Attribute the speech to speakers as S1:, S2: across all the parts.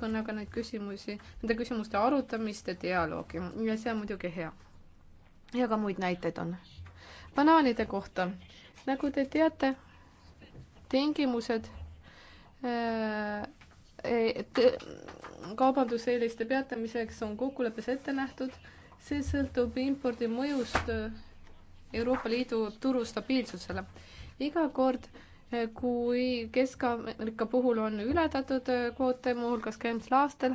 S1: meeskonnaga neid küsimusi, nende küsimuste arutamist ja dialoogi ja see on muidugi hea. ja ka muid näiteid on. banaanide kohta, nagu te teate, tingimused äh, äh, kaubanduseeliste peatamiseks on kokkuleppes ette nähtud, see sõltub impordi mõjust Euroopa Liidu turu stabiilsusele. iga kord kui Kesk-Ameerika puhul on ületatud äh, kvoote, muuhulgas ka eelmisel aastal,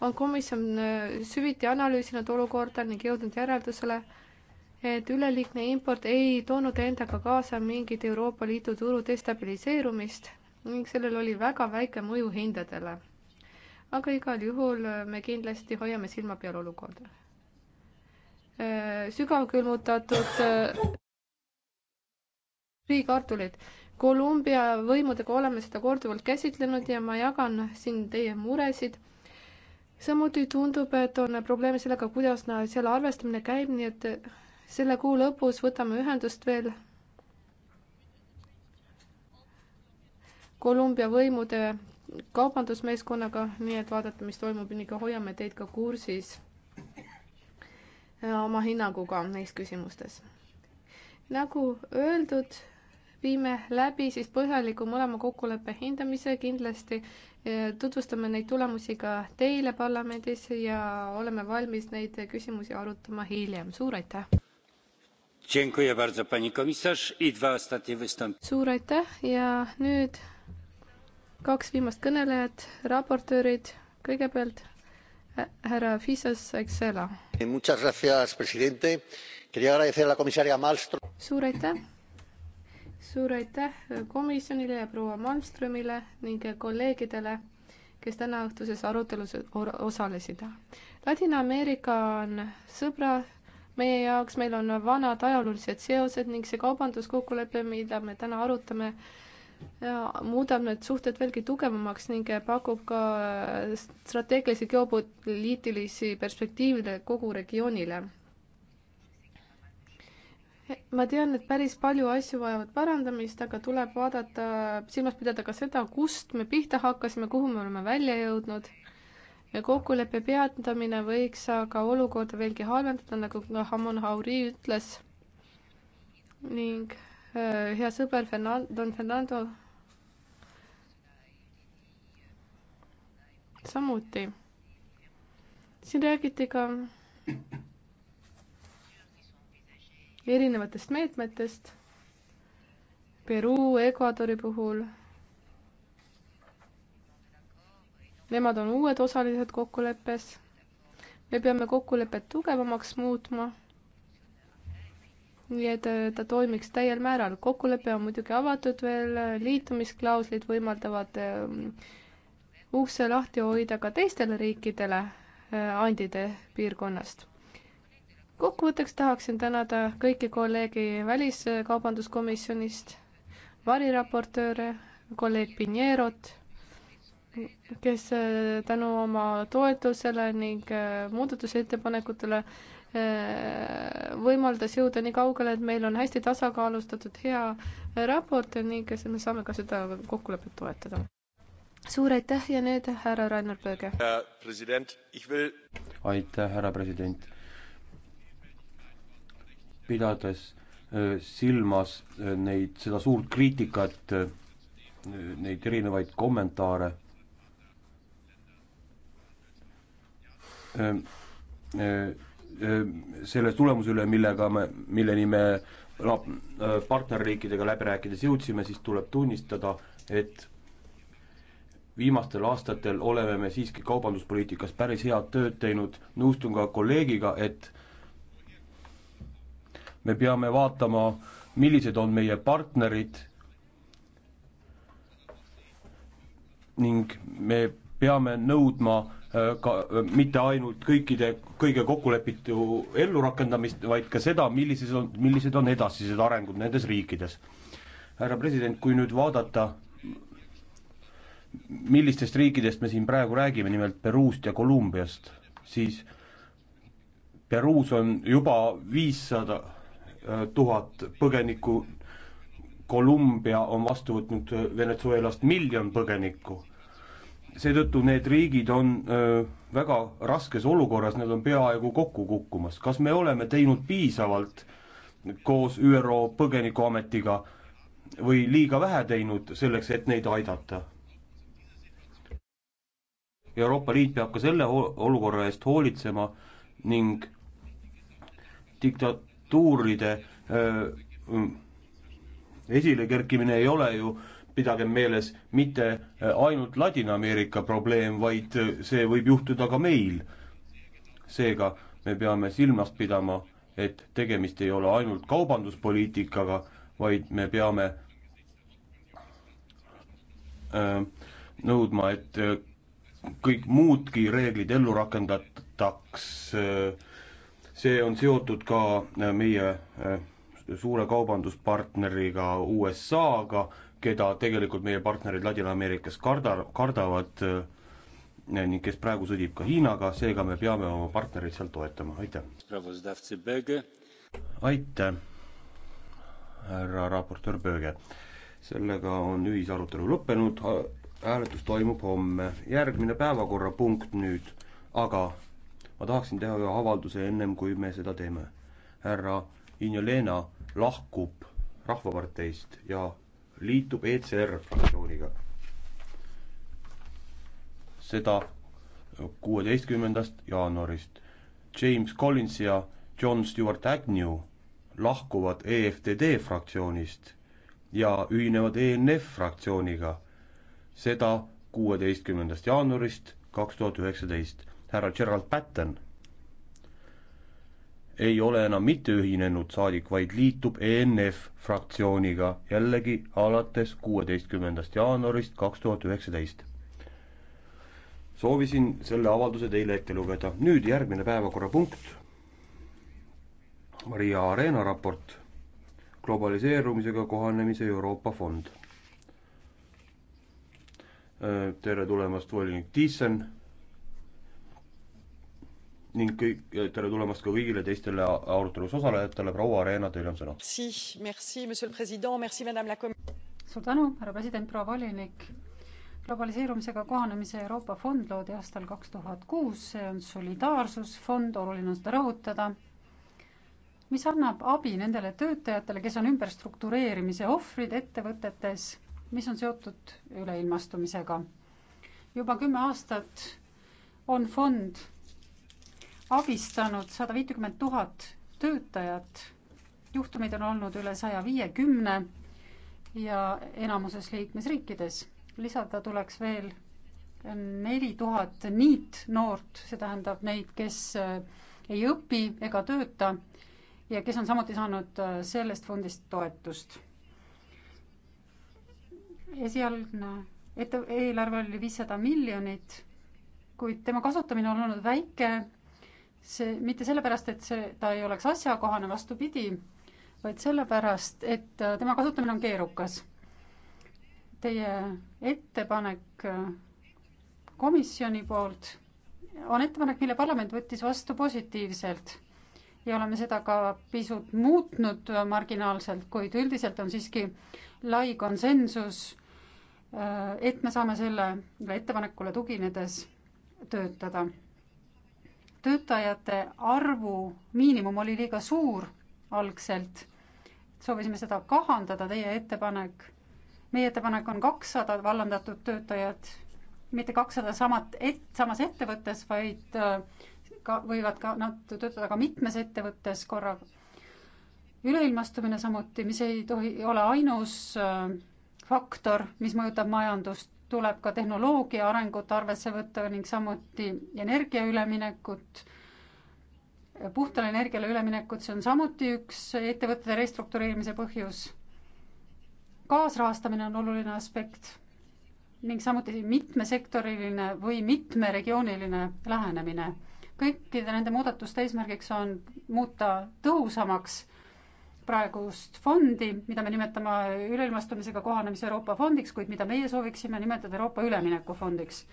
S1: on komisjon äh, süviti analüüsinud olukorda ning jõudnud järeldusele, et üleliigne import ei toonud endaga kaasa mingit Euroopa Liidu turu destabiliseerumist ning sellel oli väga väike mõju hindadele. aga igal juhul äh, me kindlasti hoiame silma peal olukorda. sügavkülmutatud friikartulid Kolumbia võimudega oleme seda korduvalt käsitlenud ja ma jagan siin teie muresid. samuti tundub, et on probleeme sellega, kuidas seal arvestamine käib, nii et selle kuu lõpus võtame ühendust veel Kolumbia võimude kaubandusmeeskonnaga, nii et vaadata, mis toimub ning hoiame teid ka kursis äh, oma hinnanguga neis küsimustes. nagu öeldud, viime läbi siis põhjaliku mõlema kokkuleppe hindamise, kindlasti eh, tutvustame neid tulemusi ka teile parlamendis ja oleme valmis neid küsimusi arutama hiljem, suur aitäh! suur aitäh ja nüüd kaks viimast kõnelejat, raportöörid, kõigepealt härra Fisas Excela. suur aitäh, suur aitäh komisjonile ja proua Malmströmile ning kolleegidele, kes tänaõhtuses arutelus osalesid. Ladina-Ameerika on sõbra meie jaoks, meil on vanad ajaloolised seosed ning see kaubanduskokkulepe, mida me täna arutame, muudab need suhted veelgi tugevamaks ning pakub ka strateegilisi geopoliitilisi perspektiivile kogu regioonile ma tean, et päris palju asju vajavad parandamist, aga tuleb vaadata, silmas pidada ka seda, kust me pihta hakkasime, kuhu me oleme välja jõudnud. kokkuleppe peatamine võiks aga olukorda veelgi halvendada, nagu Hamon Hauri ütles. ning äh, hea sõber Fernand-, Don Fernando samuti. siin räägiti ka erinevatest meetmetest Peruu, Ecuadori puhul. Nemad on uued osalised kokkuleppes. me peame kokkulepet tugevamaks muutma. nii et äh, ta toimiks täiel määral. kokkulepe on muidugi avatud veel, äh, liitumisklauslid võimaldavad ähm, ukse lahti hoida ka teistele riikidele äh, andide piirkonnast kokkuvõtteks tahaksin tänada kõiki kolleegi Väliskaubanduskomisjonist, variraportööre, kolleeg Pinierot, kes äh, tänu oma toetusele ning äh, muudatusettepanekutele äh, võimaldas jõuda nii kaugele, et meil on hästi tasakaalustatud hea raport ning me saame ka seda kokkulepet toetada. suur aitäh ja nüüd härra Rainer Pööge.
S2: aitäh, härra president pidades äh, silmas äh, neid, seda suurt kriitikat, äh, neid erinevaid kommentaare. selle tulemuse üle, millega me, milleni me partnerriikidega läbi rääkides jõudsime, siis tuleb tunnistada, et viimastel aastatel oleme me siiski kaubanduspoliitikas päris head tööd teinud, nõustun ka kolleegiga, et me peame vaatama, millised on meie partnerid ning me peame nõudma äh, ka äh, mitte ainult kõikide, kõige kokkulepitu ellurakendamist, vaid ka seda, millised on, millised on edasised arengud nendes riikides. härra president, kui nüüd vaadata, millistest riikidest me siin praegu räägime, nimelt Peruust ja Kolumbiast, siis Peruus on juba viissada 500 tuhat põgenikku. Kolumbia on vastu võtnud äh, Venezuelast miljon põgenikku. seetõttu need riigid on öö, äh, väga raskes olukorras, nad on peaaegu kokku kukkumas. kas me oleme teinud piisavalt koos ÜRO põgenikuametiga või liiga vähe teinud selleks, et neid aidata? Euroopa Liit peab ka selle olukorra eest hoolitsema ning dikta-, struktuuride esilekerkimine ei ole ju, pidagem meeles, mitte ainult Ladina-Ameerika probleem, vaid see võib juhtuda ka meil. seega me peame silmas pidama, et tegemist ei ole ainult kaubanduspoliitikaga, vaid me peame öö, nõudma, et kõik muudki reeglid ellu rakendataks öö, see on seotud ka äh, meie äh, suure kaubanduspartneriga USA-ga, keda tegelikult meie partnerid Ladina-Ameerikas karda, kardavad äh, ning kes praegu sõdib ka Hiinaga, seega me peame oma partnereid seal toetama, aitäh. aitäh, härra raportöör Böge. sellega on ühisarutelu lõppenud, hääletus toimub homme, järgmine päevakorrapunkt nüüd aga ma tahaksin teha ühe avalduse ennem, kui me seda teeme. härra Injelena lahkub Rahvaparteist ja liitub ECR fraktsiooniga. seda kuueteistkümnendast jaanuarist. James Collins ja John Stewart Agnew lahkuvad EFTD fraktsioonist ja ühinevad ENF fraktsiooniga. seda kuueteistkümnendast jaanuarist kaks tuhat üheksateist härra Gerald Patten ei ole enam mitte ühinenud saadik, vaid liitub ENF fraktsiooniga jällegi alates kuueteistkümnendast jaanuarist kaks tuhat üheksateist. soovisin selle avalduse teile ette lugeda, nüüd järgmine päevakorrapunkt, Maria Arena raport, globaliseerumisega kohanemise Euroopa fond. tere tulemast, volinik Thyssen ning kõik, tere tulemast ka kõigile teistele arutelus osalejatele, proua Areena, teil on sõna.
S3: suur tänu, härra president, proua volinik. globaliseerumisega kohanemise Euroopa fond loodi aastal kaks tuhat kuus, see on solidaarsusfond, oluline on seda rõhutada, mis annab abi nendele töötajatele, kes on ümberstruktureerimise ohvrid ettevõtetes, mis on seotud üleilmastumisega. juba kümme aastat on fond abistanud sada viitekümmet tuhat töötajat. juhtumeid on olnud üle saja viiekümne ja enamuses liikmesriikides. lisada tuleks veel neli tuhat niitnoort, see tähendab neid, kes äh, ei õpi ega tööta ja kes on samuti saanud äh, sellest fondist toetust. esialgne ette, eelarve oli viissada miljonit, kuid tema kasutamine on olnud väike see mitte sellepärast, et see, ta ei oleks asjakohane, vastupidi, vaid sellepärast, et äh, tema kasutamine on keerukas. Teie ettepanek äh, komisjoni poolt on ettepanek, mille parlament võttis vastu positiivselt ja oleme seda ka pisut muutnud äh, marginaalselt, kuid üldiselt on siiski lai konsensus, et me saame selle ettepanekule tuginedes töötada töötajate arvu miinimum oli liiga suur algselt. soovisime seda kahandada, teie ettepanek, meie ettepanek on kakssada vallandatud töötajat, mitte kakssada samat et-, samas ettevõttes, vaid äh, ka, võivad ka nad töötada ka mitmes ettevõttes korraga. üleilmastumine samuti, mis ei tohi, ei ole ainus äh, faktor, mis mõjutab majandust, tuleb ka tehnoloogia arengut arvesse võtta ning samuti energia üleminekut, puhtale energiale üleminekut, see on samuti üks ettevõtete restruktureerimise põhjus. kaasrahastamine on oluline aspekt ning samuti mitmesektoriline või mitmeregiooniline lähenemine. kõikide nende muudatuste eesmärgiks on muuta tõhusamaks praegust fondi, mida me nimetame üleilmastumisega kohanemise Euroopa fondiks, kuid mida meie sooviksime nimetada Euroopa üleminekufondiks.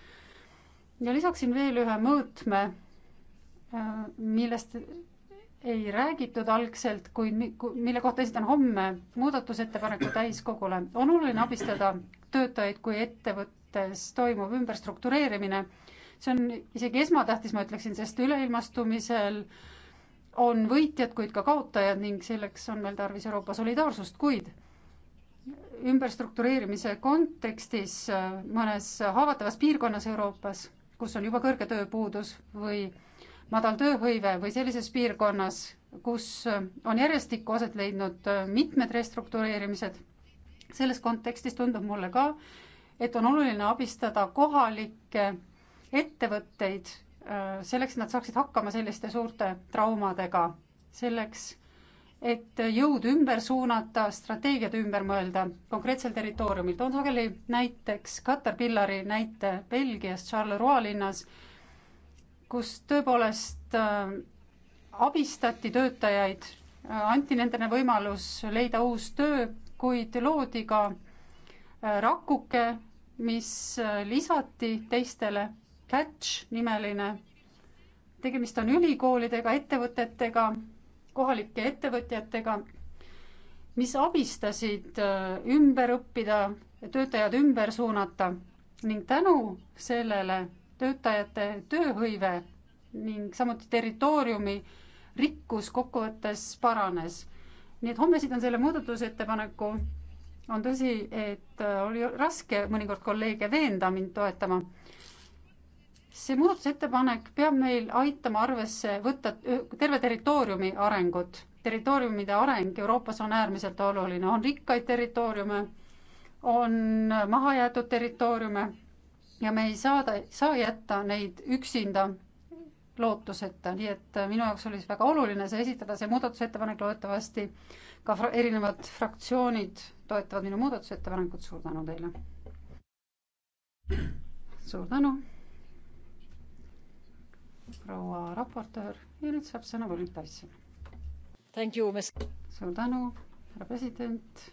S3: ja lisaksin veel ühe mõõtme, äh, millest ei räägitud algselt, kuid mille kohta esitan homme muudatusettepaneku täiskogule. on oluline abistada töötajaid, kui ettevõttes toimub ümberstruktureerimine. see on isegi esmatähtis, ma ütleksin, sest üleilmastumisel äh, on võitjad, kuid ka kaotajad ning selleks on meil tarvis Euroopa solidaarsust, kuid ümberstruktureerimise kontekstis äh, mõnes haavatavas piirkonnas Euroopas, kus on juba kõrge tööpuudus või madal tööhõive või sellises piirkonnas, kus äh, on järjestikku aset leidnud äh, mitmed restruktureerimised, selles kontekstis tundub mulle ka, et on oluline abistada kohalikke ettevõtteid Äh, selleks, et nad saaksid hakkama selliste suurte traumadega, selleks, et jõud ümber suunata, strateegiad ümber mõelda konkreetsel territooriumil. toon sageli näiteks Caterpillari näite Belgias Charleroi linnas, kus tõepoolest äh, abistati töötajaid, äh, anti nendele võimalus leida uus töö, kuid loodi ka äh, rakuke, mis lisati teistele Catch nimeline. tegemist on ülikoolidega, ettevõtetega, kohalike ettevõtjatega, mis abistasid äh, ümber õppida, töötajad ümber suunata ning tänu sellele töötajate tööhõive ning samuti territooriumi rikkus kokkuvõttes paranes. nii et homme esitan selle muudatusettepaneku on tõsi, et äh, oli raske mõnikord kolleege veenda mind toetama, see muudatusettepanek peab meil aitama arvesse võtta terve territooriumi arengut. territooriumide areng Euroopas on äärmiselt oluline, on rikkaid territooriume, on mahajäetud territooriume ja me ei saa, saa jätta neid üksinda lootuseta, nii et äh, minu jaoks oli väga oluline see esitada, see muudatusettepanek, loodetavasti ka fra erinevad fraktsioonid toetavad minu muudatusettepanekut, suur tänu teile. suur tänu proua raportöör ja nüüd saab sõna volinik Tyson. suur tänu, härra president.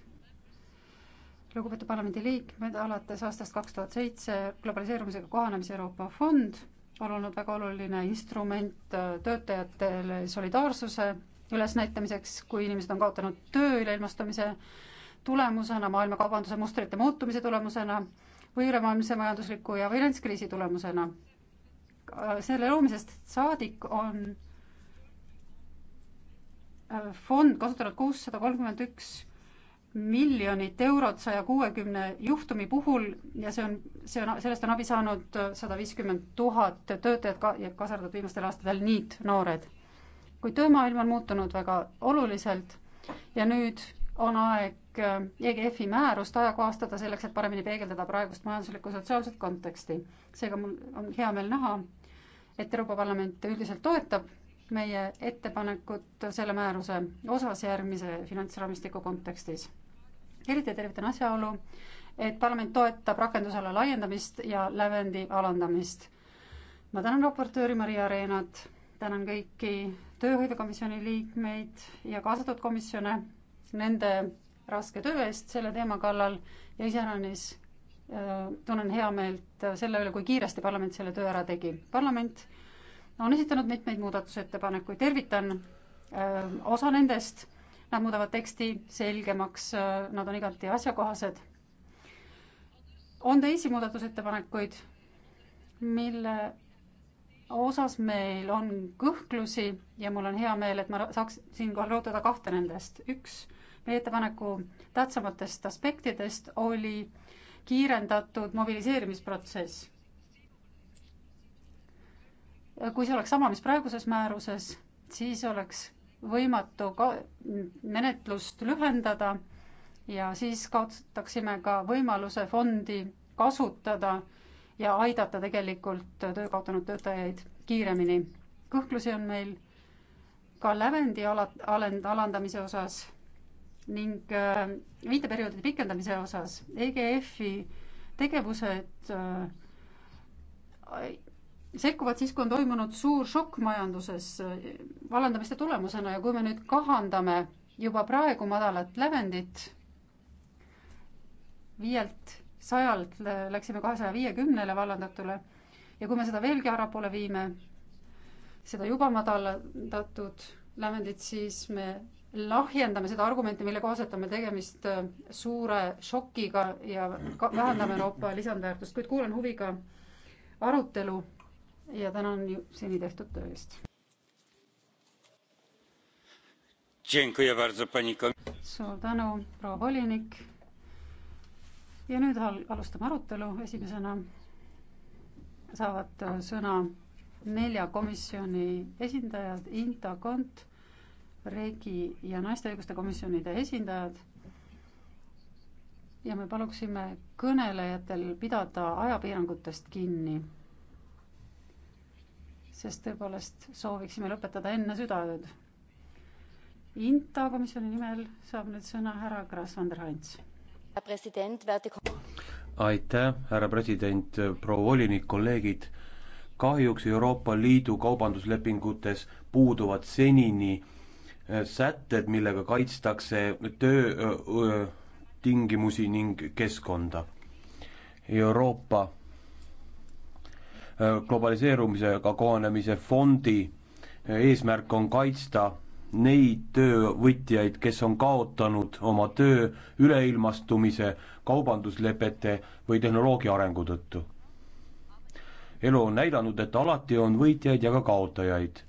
S3: lugupeetud parlamendiliikmed, alates aastast kaks tuhat seitse globaliseerumisega kohanemise Euroopa fond on olnud väga oluline instrument äh, töötajatele solidaarsuse ülesnäitamiseks, kui inimesed on kaotanud töö üleilmastumise tulemusena, maailmakaubanduse mustrite muutumise tulemusena või ülemaailmse majandusliku ja finantskriisi tulemusena Äh, selle loomisest saadik on äh, fond kasutanud kuussada kolmkümmend üks miljonit eurot saja kuuekümne juhtumi puhul ja see on, see on, sellest on abi saanud äh, sada viiskümmend tuhat töötajat ka, ja kaasa arvatud viimastel aastatel niitnoored. kuid töömaailm on muutunud väga oluliselt ja nüüd on aeg Äh, EGF-i määrust ajakohastada selleks, et paremini peegeldada praegust majanduslikku sotsiaalset konteksti. seega mul on hea meel näha, et Euroopa Parlament üldiselt toetab meie ettepanekut selle määruse osas järgmise finantsraamistiku kontekstis. eriti tervitan asjaolu, et parlament toetab rakendusala laiendamist ja lävendi alandamist. ma tänan raportööri Maria Reenat, tänan kõiki tööhõivekomisjoni liikmeid ja kaasatud komisjone nende raske töö eest selle teema kallal ja iseäranis äh, tunnen heameelt äh, selle üle, kui kiiresti parlament selle töö ära tegi. parlament on esitanud mitmeid muudatusettepanekuid, tervitan öö, äh, osa nendest, nad muudavad teksti selgemaks, nad on igati asjakohased. on teisi muudatusettepanekuid, mille osas meil on kõhklusi ja mul on hea meel, et ma saaks siinkohal rõhutada kahte nendest. üks meie ettepaneku tähtsamatest aspektidest oli kiirendatud mobiliseerimisprotsess. kui see oleks sama, mis praeguses määruses, siis oleks võimatu ka menetlust lühendada ja siis kaotaksime ka võimaluse fondi kasutada ja aidata tegelikult töö kaotanud töötajaid kiiremini. kõhklusi on meil ka lävendi ala, alend, alandamise osas ning äh, viiteperioodide pikendamise osas EGF-i tegevused äh, sekkuvad siis, kui on toimunud suur šokk majanduses äh, vallandamiste tulemusena ja kui me nüüd kahandame juba praegu madalat lävendit, viielt sajalt läksime kahesaja viiekümnele vallandatule ja kui me seda veelgi ärapoole viime, seda juba madaldatud lävendit, siis me lahjendame seda argumenti, mille kohaselt on meil tegemist äh, suure šokiga ja vähendame Euroopa lisandväärtust, kuid kuulan huviga arutelu ja tänan seni tehtud töö eest. suur tänu, proua volinik. ja nüüd al-, alustame arutelu, esimesena saavad äh, sõna nelja komisjoni esindajad, Inta Kont Regi ja naiste õiguste komisjonide esindajad ja me paluksime kõnelejatel pidada ajapiirangutest kinni, sest tõepoolest sooviksime lõpetada enne südaööd. INTA komisjoni nimel saab nüüd sõna härra Gras van der Heinz.
S2: aitäh, härra president, proua volinik, kolleegid. kahjuks Euroopa Liidu kaubanduslepingutes puuduvad senini sätted, millega kaitstakse töötingimusi ning keskkonda. Euroopa globaliseerumisega kohanemise fondi eesmärk on kaitsta neid töövõtjaid, kes on kaotanud oma töö üleilmastumise, kaubanduslepete või tehnoloogia arengu tõttu. elu on näidanud, et alati on võitjaid ja ka kaotajaid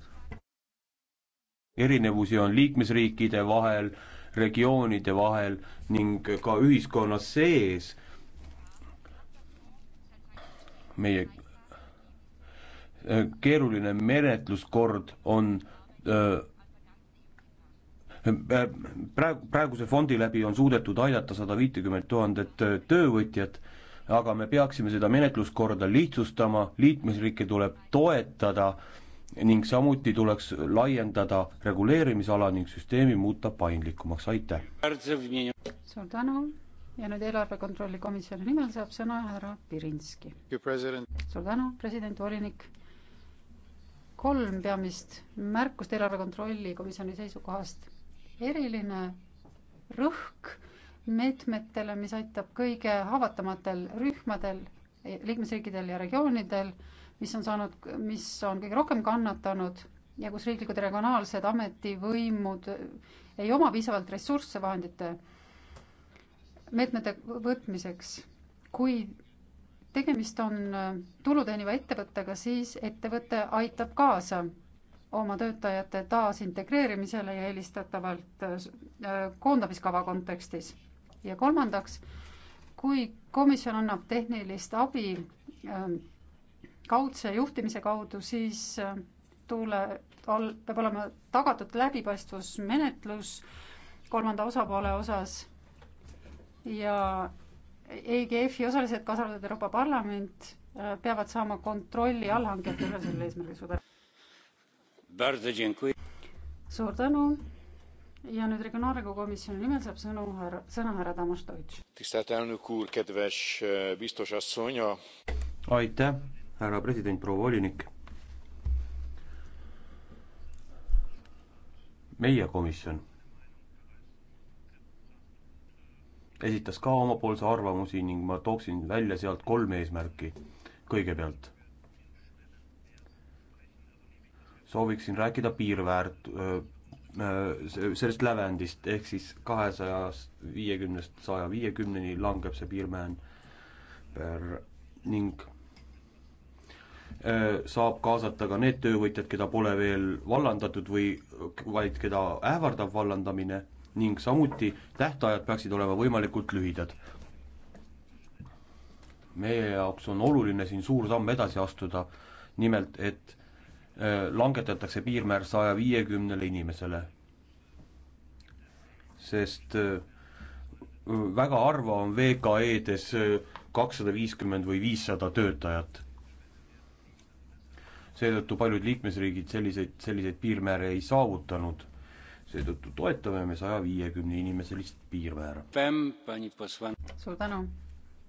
S2: erinevusi on liikmesriikide vahel, regioonide vahel ning ka ühiskonna sees. meie äh, keeruline menetluskord on äh, äh, praegu, praeguse fondi läbi on suudetud aidata sada viitekümmet tuhandet töövõtjat, aga me peaksime seda menetluskorda lihtsustama, liikmesriike tuleb toetada äh, ning samuti tuleks laiendada reguleerimisala ning süsteemi muuta paindlikumaks, aitäh!
S3: suur tänu ja nüüd eelarve kontrolli komisjoni nimel saab sõna härra Pirinski.
S2: suur
S3: tänu, president, volinik. kolm peamist märkust eelarve kontrolli komisjoni seisukohast. eriline rõhk meetmetele, mis aitab kõige haavatamatel rühmadel, liikmesriikidel ja regioonidel mis on saanud, mis on kõige rohkem kannatanud ja kus riiklikud ja regionaalsed ametivõimud ei oma piisavalt ressursse vahendite meetmete võtmiseks. kui tegemist on äh, tulu teeniva ettevõttega, siis ettevõte aitab kaasa oma töötajate taasintegreerimisele ja eelistatavalt äh, äh, koondamiskava kontekstis. ja kolmandaks, kui komisjon annab tehnilist abi ähm, kaudse juhtimise kaudu, siis äh, tuule all peab olema tagatud läbipaistvusmenetlus kolmanda osapoole osas ja EGF-i osalised, kaasa arvatud Euroopa Parlament, äh, peavad saama kontrolli allhankijate üle sellel eesmärgil, suur tänu. suur tänu ja nüüd Regionaalarengu komisjoni nimel saab sõnu härra, sõna härra Tamas Deutsch.
S4: Äh,
S2: aitäh, härra president, proua volinik. meie komisjon esitas ka omapoolse arvamusi ning ma tooksin välja sealt kolm eesmärki. kõigepealt sooviksin rääkida piirväärt-, sellest lävendist, ehk siis kahesajast viiekümnest saja viiekümneni langeb see piirmäär ning Äh, saab kaasata ka need töövõtjad, keda pole veel vallandatud või vaid keda ähvardab vallandamine ning samuti tähtajad peaksid olema võimalikult lühidad. meie jaoks on oluline siin suur samm edasi astuda, nimelt et äh, langetatakse piirmäär saja viiekümnele inimesele. sest äh, väga harva on VKE-des kakssada viiskümmend või viissada töötajat seetõttu paljud liikmesriigid selliseid, selliseid piirmääre ei saavutanud. seetõttu toetame me saja viiekümne inimeselist piirmäära.
S4: suur tänu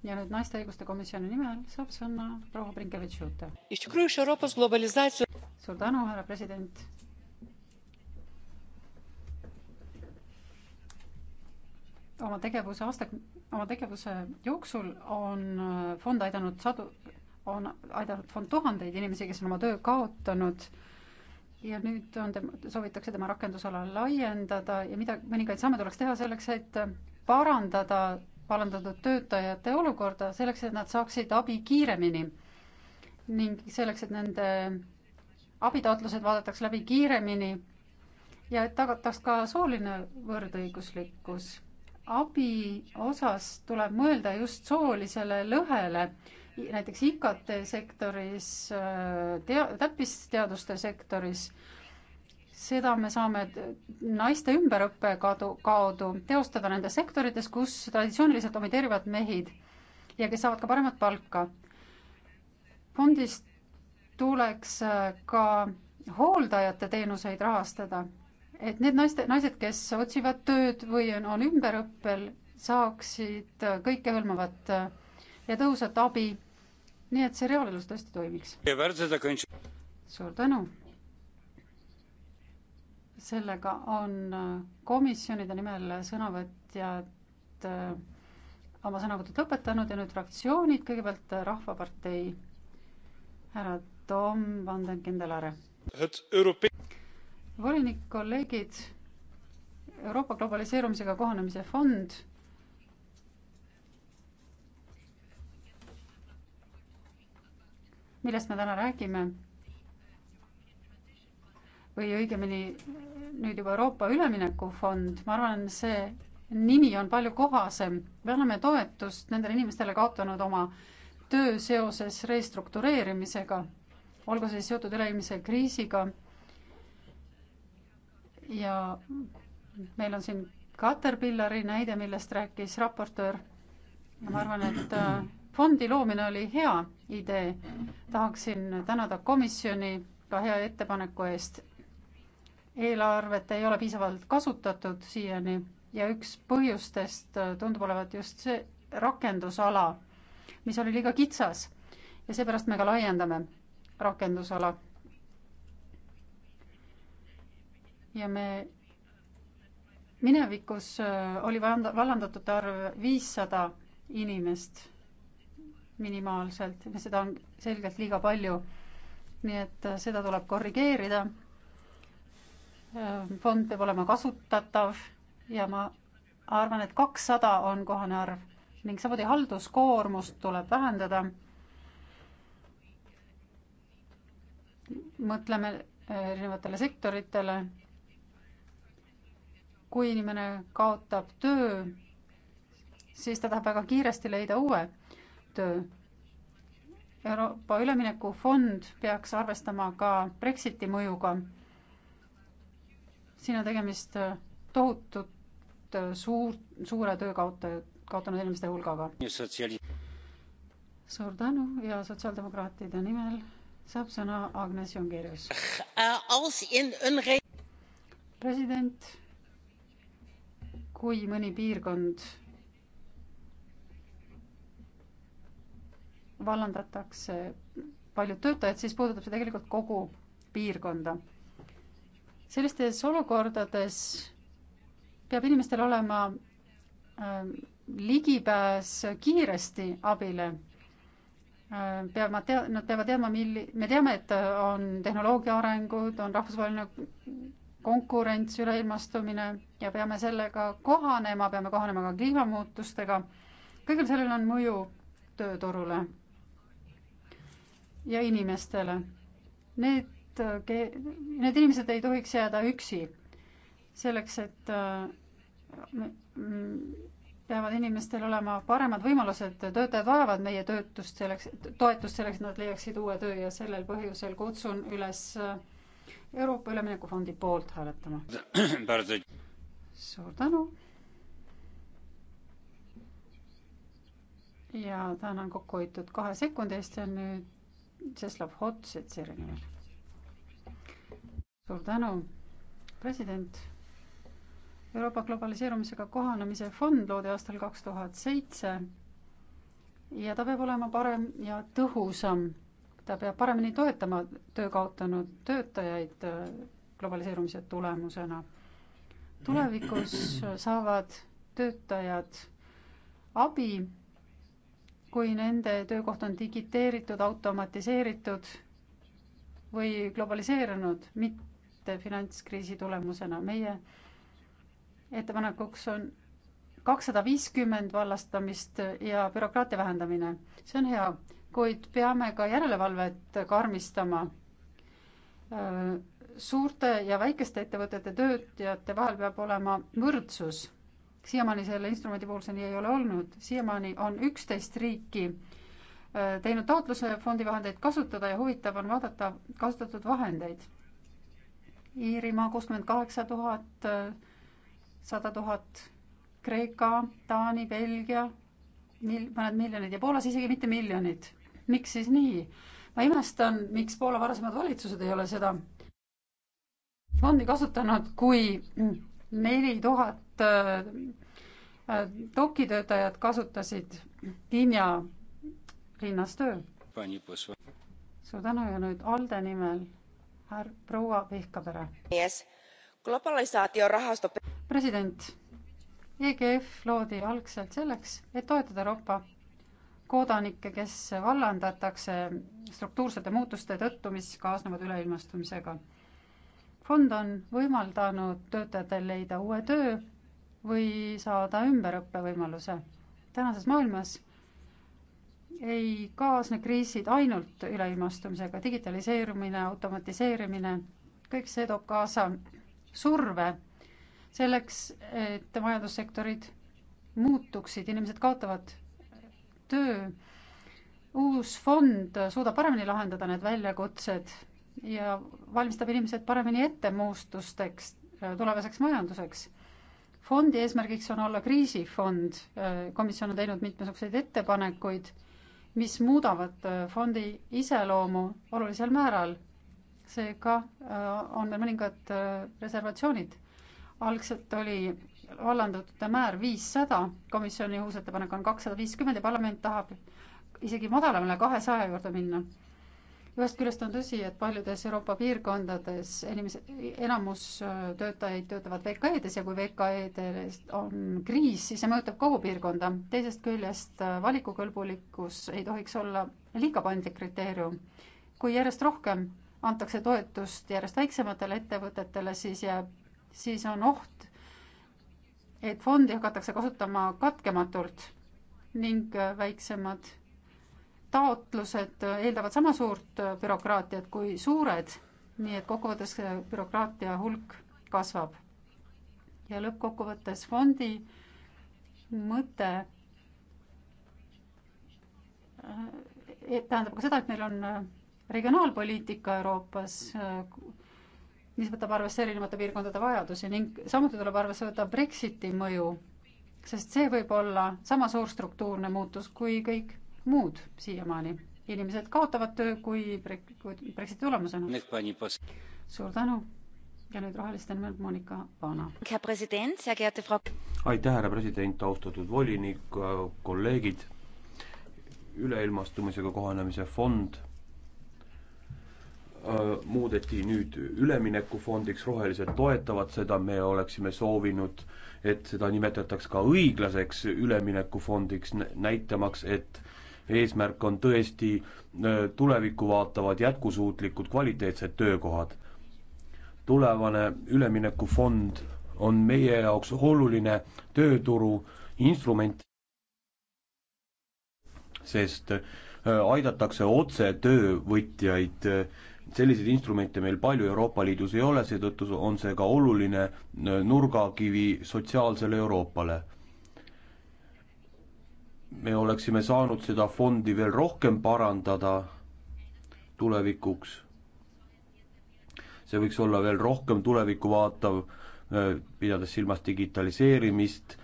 S3: ja nüüd naiste õiguste komisjoni nimel saab sõna proua Brinkevitš-Jute. suur tänu, härra president. oma tegevuse aasta, oma tegevuse jooksul on äh, fond aidanud sadu, on aidanud, on tuhandeid inimesi, kes on oma töö kaotanud ja nüüd on tema, soovitakse tema rakendusala laiendada ja mida, mõningaid samme tuleks teha selleks, et parandada vallandatud töötajate olukorda, selleks, et nad saaksid abi kiiremini ning selleks, et nende abitaotlused vaadataks läbi kiiremini ja et tagataks ka sooline võrdõiguslikkus. abi osas tuleb mõelda just soolisele lõhele näiteks IKT sektoris, tea-, täppisteaduste sektoris, seda me saame naiste ümberõppe kadu, kaudu teostada nendes sektorites, kus traditsiooniliselt domineerivad mehed ja kes saavad ka paremat palka. fondist tuleks äh, ka hooldajate teenuseid rahastada, et need naiste, naised, kes otsivad tööd või on, on ümberõppel, saaksid äh, kõikehõlmavat äh, ja tõhusat abi nii et see reaalelus tõesti
S4: toimiks.
S3: suur tänu. sellega on äh, komisjonide nimel sõnavõtjad äh, oma sõnavõtud lõpetanud ja nüüd fraktsioonid, kõigepealt äh, Rahvapartei härra Tom van den Kindelare. volinik, kolleegid, Euroopa globaliseerumisega kohanemise fond millest me täna räägime, või õigemini nüüd juba Euroopa Üleminekufond, ma arvan, see nimi on palju kohasem, me anname toetust nendele inimestele kaotanud oma töö seoses restruktureerimisega, olgu see seotud üleilmse kriisiga ja meil on siin Caterpillari näide, millest rääkis raportöör ja ma arvan, et äh, fondi loomine oli hea idee. tahaksin tänada komisjoni ka hea ettepaneku eest. eelarvet ei ole piisavalt kasutatud siiani ja üks põhjustest tundub olevat just see rakendusala, mis oli liiga kitsas ja seepärast me ka laiendame rakendusala. ja me minevikus äh, oli vallandatute arv viissada inimest minimaalselt, seda on selgelt liiga palju. nii et äh, seda tuleb korrigeerida. Äh, fond peab olema kasutatav ja ma arvan, et kakssada on kohane arv ning samuti halduskoormust tuleb vähendada. mõtleme äh, erinevatele sektoritele. kui inimene kaotab töö, siis ta tahab väga kiiresti leida uue et äh, Euroopa Üleminekufond peaks arvestama ka Brexiti mõjuga. siin on tegemist äh, tohutut äh, suur, suure töö kaotaja, kaotanud inimeste hulgaga. suur tänu ja sotsiaaldemokraatide nimel saab sõna Agnes Jongerius. president, kui mõni piirkond vallandatakse paljud töötajad, siis puudutab see tegelikult kogu piirkonda. sellistes olukordades peab inimestel olema äh, ligipääs kiiresti abile äh,. peavad tea-, nad peavad teadma, milli-, me teame, et äh, on tehnoloogia arengud, on rahvusvaheline konkurents, üleilmastumine ja peame sellega kohanema, peame kohanema ka kliimamuutustega. kõigil sellel on mõju tööturule ja inimestele. Need, need inimesed ei tohiks jääda üksi selleks, et äh, peavad inimestel olema paremad võimalused, töötajad vajavad meie töötust selleks, toetust selleks, et nad leiaksid uue töö ja sellel põhjusel kutsun üles äh, Euroopa Üleminekufondi poolt hääletama. suur tänu. ja tänan kokkuhoitud kahe sekundi eest ja nüüd Tšeslav Hots, et see erinev. suur tänu, president. Euroopa globaliseerumisega kohanemise fond loodi aastal kaks tuhat seitse ja ta peab olema parem ja tõhusam. ta peab paremini toetama töö kaotanud töötajaid äh, globaliseerumise tulemusena. tulevikus saavad töötajad abi kui nende töökoht on digiteeritud, automatiseeritud või globaliseerunud, mitte finantskriisi tulemusena. meie ettepanekuks on kakssada viiskümmend vallastamist ja bürokraatia vähendamine. see on hea, kuid peame ka järelevalvet karmistama. suurte ja väikeste ettevõtete töötajate vahel peab olema võrdsus siiamaani selle instrumendi puhul see nii ei ole olnud, siiamaani on üksteist riiki äh, teinud taotluse fondi vahendeid kasutada ja huvitav on vaadata kasutatud vahendeid. Iirimaa kuuskümmend kaheksa tuhat, äh, sada tuhat, Kreeka, Taani, Belgia, mil-, mõned miljonid ja Poolas isegi mitte miljonid. miks siis nii? ma imestan, miks Poola varasemad valitsused ei ole seda fondi kasutanud, kui neli tuhat ainult dokitöötajad äh, äh, kasutasid Hiina linnas töö. suur tänu ja nüüd ALDE nimel härra proua Vihkapere.
S4: globalisaatiorahasto.
S3: president, EGF loodi algselt selleks, et toetada Euroopa kodanikke, kes vallandatakse struktuursete muutuste tõttu, mis kaasnevad üleilmastumisega. fond on võimaldanud töötajatel leida uue töö või saada ümberõppevõimaluse. tänases maailmas ei kaasne kriisid ainult üleilmastumisega, digitaliseerumine, automatiseerimine, kõik see toob kaasa surve selleks, et majandussektorid muutuksid, inimesed kaotavad töö. uus fond suudab paremini lahendada need väljakutsed ja valmistab inimesed paremini ette muustusteks, tulevaseks majanduseks fondi eesmärgiks on olla kriisifond. komisjon on teinud mitmesuguseid ettepanekuid, mis muudavad fondi iseloomu olulisel määral. seega äh, on meil mõningad äh, reservatsioonid. algselt oli vallandatud määr viissada, komisjoni uus ettepanek on kakssada viiskümmend ja parlament tahab isegi madalamale kahesaja juurde minna ühest küljest on tõsi, et paljudes Euroopa piirkondades inimesed, enamus äh, töötajaid töötavad VKE-des ja kui VKE-dest on kriis, siis see mõjutab kogu piirkonda. teisest küljest äh, valikukõlbulikkus ei tohiks olla liiga paindlik kriteerium. kui järjest rohkem antakse toetust järjest väiksematele ettevõtetele, siis jääb, siis on oht, et fondi hakatakse kasutama katkematult ning äh, väiksemad taotlused eeldavad sama suurt bürokraatiat kui suured, nii et kokkuvõttes bürokraatia hulk kasvab. ja lõppkokkuvõttes fondi mõte eh, tähendab ka seda, et meil on eh, regionaalpoliitika Euroopas, eh, mis võtab arvesse erinevate piirkondade vajadusi ning samuti tuleb arvesse võtta Brexiti mõju, sest see võib olla sama suur struktuurne muutus kui kõik muud siiamaani. inimesed kaotavad töö, kui Brexiti tulemusena. suur tänu ja nüüd roheliste nimel Monika Paana.
S2: aitäh, härra president, austatud volinik, äh, kolleegid, üleilmastumisega kohanemise fond äh, muudeti nüüd üleminekufondiks, rohelised toetavad seda, me oleksime soovinud, et seda nimetataks ka õiglaseks üleminekufondiks, näitamaks, et eesmärk on tõesti äh, tulevikku vaatavad jätkusuutlikud kvaliteetsed töökohad. tulevane üleminekufond on meie jaoks oluline tööturu instrument, sest äh, aidatakse otse töövõtjaid, selliseid instrumente meil palju Euroopa Liidus ei ole, seetõttu on see ka oluline äh, nurgakivi sotsiaalsele Euroopale me oleksime saanud seda fondi veel rohkem parandada tulevikuks. see võiks olla veel rohkem tulevikku vaatav, äh, pidades silmas digitaliseerimist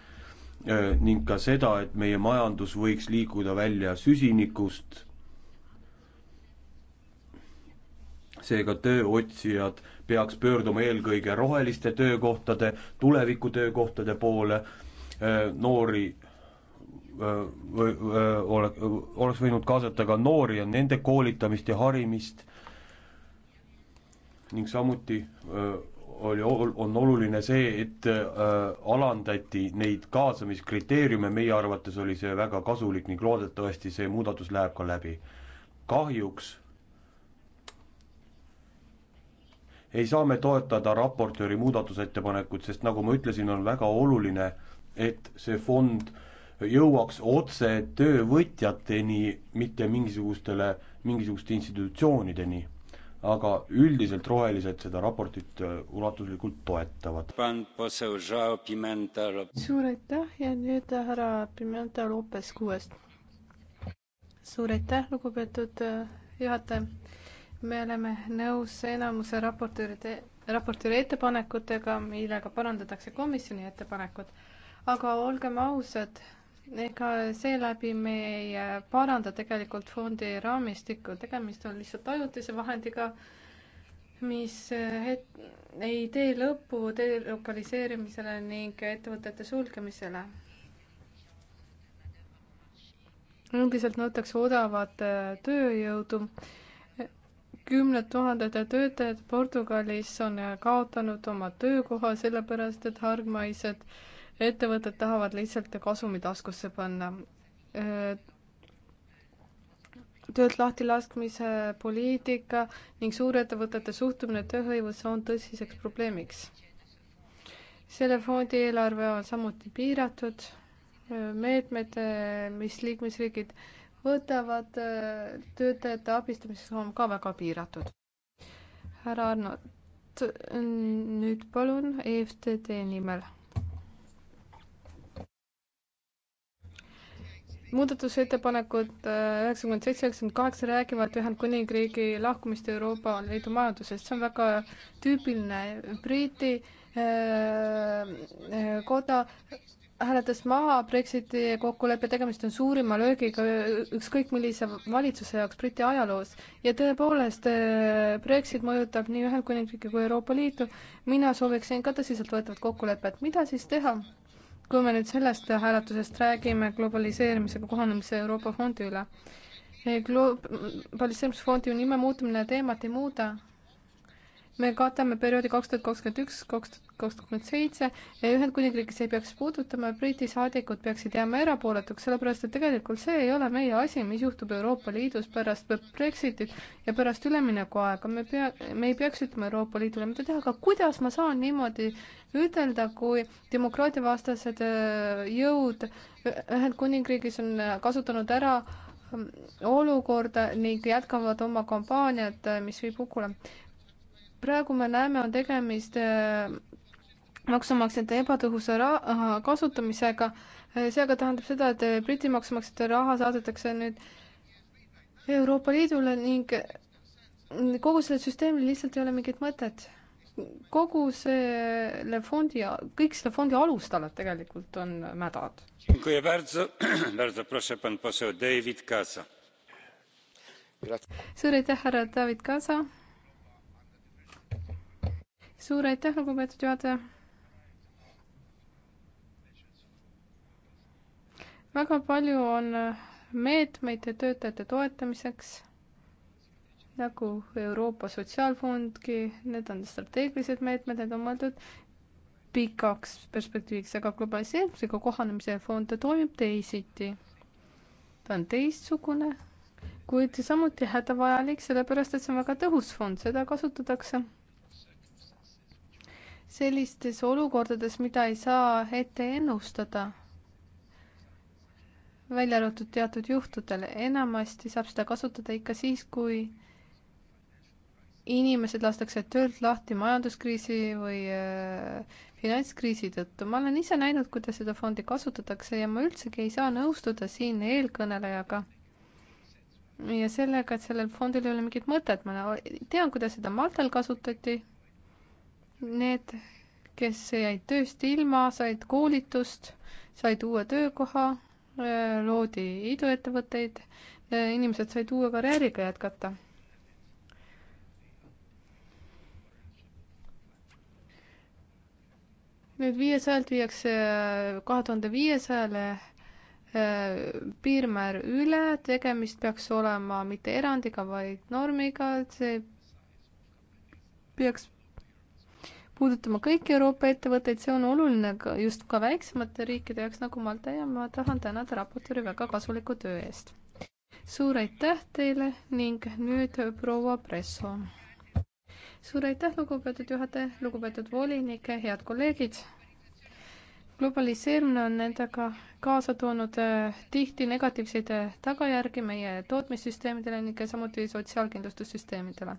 S2: äh, ning ka seda, et meie majandus võiks liikuda välja süsinikust. seega tööotsijad peaks pöörduma eelkõige roheliste töökohtade, tuleviku töökohtade poole, äh, noori Äh, või, äh, ole, oleks võinud kaasata ka noori ja nende koolitamist ja harimist ning samuti öö, äh, oli, on oluline see, et öö, alandati neid kaasamiskriteeriume, meie arvates oli see väga kasulik ning loodetavasti see muudatus läheb ka läbi. kahjuks ei saa me toetada raportööri muudatusettepanekut, sest nagu ma ütlesin, on väga oluline, et see fond öö, jõuaks otse töövõtjateni, mitte mingisugustele, mingisuguste institutsioonideni. aga üldiselt rohelised seda raportit äh, ulatuslikult toetavad.
S1: suur aitäh ja nüüd härra Pimenta Lopes kuuest. suur aitäh, lugupeetud äh, juhataja. me oleme nõus enamuse raportööride, raportööri ettepanekutega, millega parandatakse komisjoni ettepanekut. aga olgem ausad ega seeläbi me ei äh, paranda tegelikult fondi raamistikku, tegemist on lihtsalt ajutise vahendiga, mis het-, äh, ei tee lõppu delokaliseerimisele ning ettevõtete sulgemisele. üldiselt nõutakse odavat äh, tööjõudu kümned tuhanded töötajad Portugalis on kaotanud oma töökoha sellepärast, et hargmaised äh, ettevõtted tahavad lihtsalt kasumi taskusse panna. töölt lahtilaskmise poliitika ning suurettevõtete suhtumine tööhõivusse on tõsiseks probleemiks. selle fondi eelarve on samuti piiratud. meetmed, mis liikmesriigid võtavad töötajate abistamiseks, on ka väga piiratud. härra Arno, nüüd palun EFTD nimel muudatusettepanekud äh, üheksakümmend seitse, üheksakümmend kaheksa räägivad Ühendkuningriigi lahkumist Euroopa Liidu majandusest, see on väga tüüpiline Briti äh, äh, koda hääletas maha Brexiti kokkuleppe tegemist on suurima löögiga ükskõik millise valitsuse jaoks Briti ajaloos ja tõepoolest Brexit mõjutab nii Ühendkuningriiki kui Euroopa Liitu. mina sooviksin ka tõsiseltvõetavat kokkulepet, mida siis teha? kui me nüüd sellest hääletusest räägime globaliseerimisega kohanemise Euroopa fondi üle, globaliseerimisfondi nime muutmine teemat ei muuda, me katame perioodi kaks tuhat kakskümmend üks, kaks tuhat kakskümmend seitse ja Ühendkuningriigis ei peaks puudutama ja Briti saadikud peaksid jääma erapooletuks, sellepärast et tegelikult see ei ole meie asi, mis juhtub Euroopa Liidus pärast Brexitit ja pärast üleminekuaega. me pea, me ei peaks ütlema Euroopa Liidule, mida teha, aga kuidas ma saan niimoodi ütelda, kui demokraatiavastased äh, jõud Ühendkuningriigis on äh, kasutanud ära hm, olukorda ning jätkavad oma kampaaniat, äh, mis viib hukule praegu me näeme, on tegemist äh, maksumaksjate ebatõhusa raha kasutamisega. Äh, see aga tähendab seda, et äh, Briti maksumaksjate raha saadetakse nüüd Euroopa Liidule ning kogu sellel süsteemil lihtsalt ei ole mingit mõtet. kogu selle fondi, kõik selle fondi alustalad tegelikult on mädad. suur aitäh, härra David Kaasa suur aitäh, lugupeetud juhataja. väga palju on meetmeid töötajate toetamiseks nagu Euroopa Sotsiaalfondki, need on strateegilised meetmed, need on mõeldud pikaks perspektiiviks, aga globaliseerimisega kohanemise fond toimib teisiti. ta on teistsugune, kuid samuti hädavajalik, sellepärast et see on väga tõhus fond, seda kasutatakse sellistes olukordades, mida ei saa ette ennustada, välja arvatud teatud juhtudel, enamasti saab seda kasutada ikka siis, kui inimesed lastakse töölt lahti majanduskriisi või äh, finantskriisi tõttu. ma olen ise näinud, kuidas seda fondi kasutatakse ja ma üldsegi ei saa nõustuda siin eelkõnelejaga ja sellega, et sellel fondil ei ole mingit mõtet. ma tean, kuidas seda Maltal kasutati Need, kes jäid tööst ilma, said koolitust, said uue töökoha, loodi iduettevõtteid, inimesed said uue karjääriga jätkata. nüüd viiesajalt viiakse kahe tuhande viiesajale äh, piirmäär üle, tegemist peaks olema mitte erandiga, vaid normiga, et see peaks puudutama kõiki Euroopa ettevõtteid, see on oluline ka just ka väiksemate riikide jaoks nagu Malta ja ma tahan tänada raportööri väga kasuliku töö eest. suur aitäh teile ning nüüd proua Presso. suur aitäh, lugupeetud juhataja, lugupeetud volinik, head kolleegid. globaliseerumine on endaga kaasa toonud äh, tihti negatiivseid äh, tagajärgi meie tootmissüsteemidele ning samuti sotsiaalkindlustussüsteemidele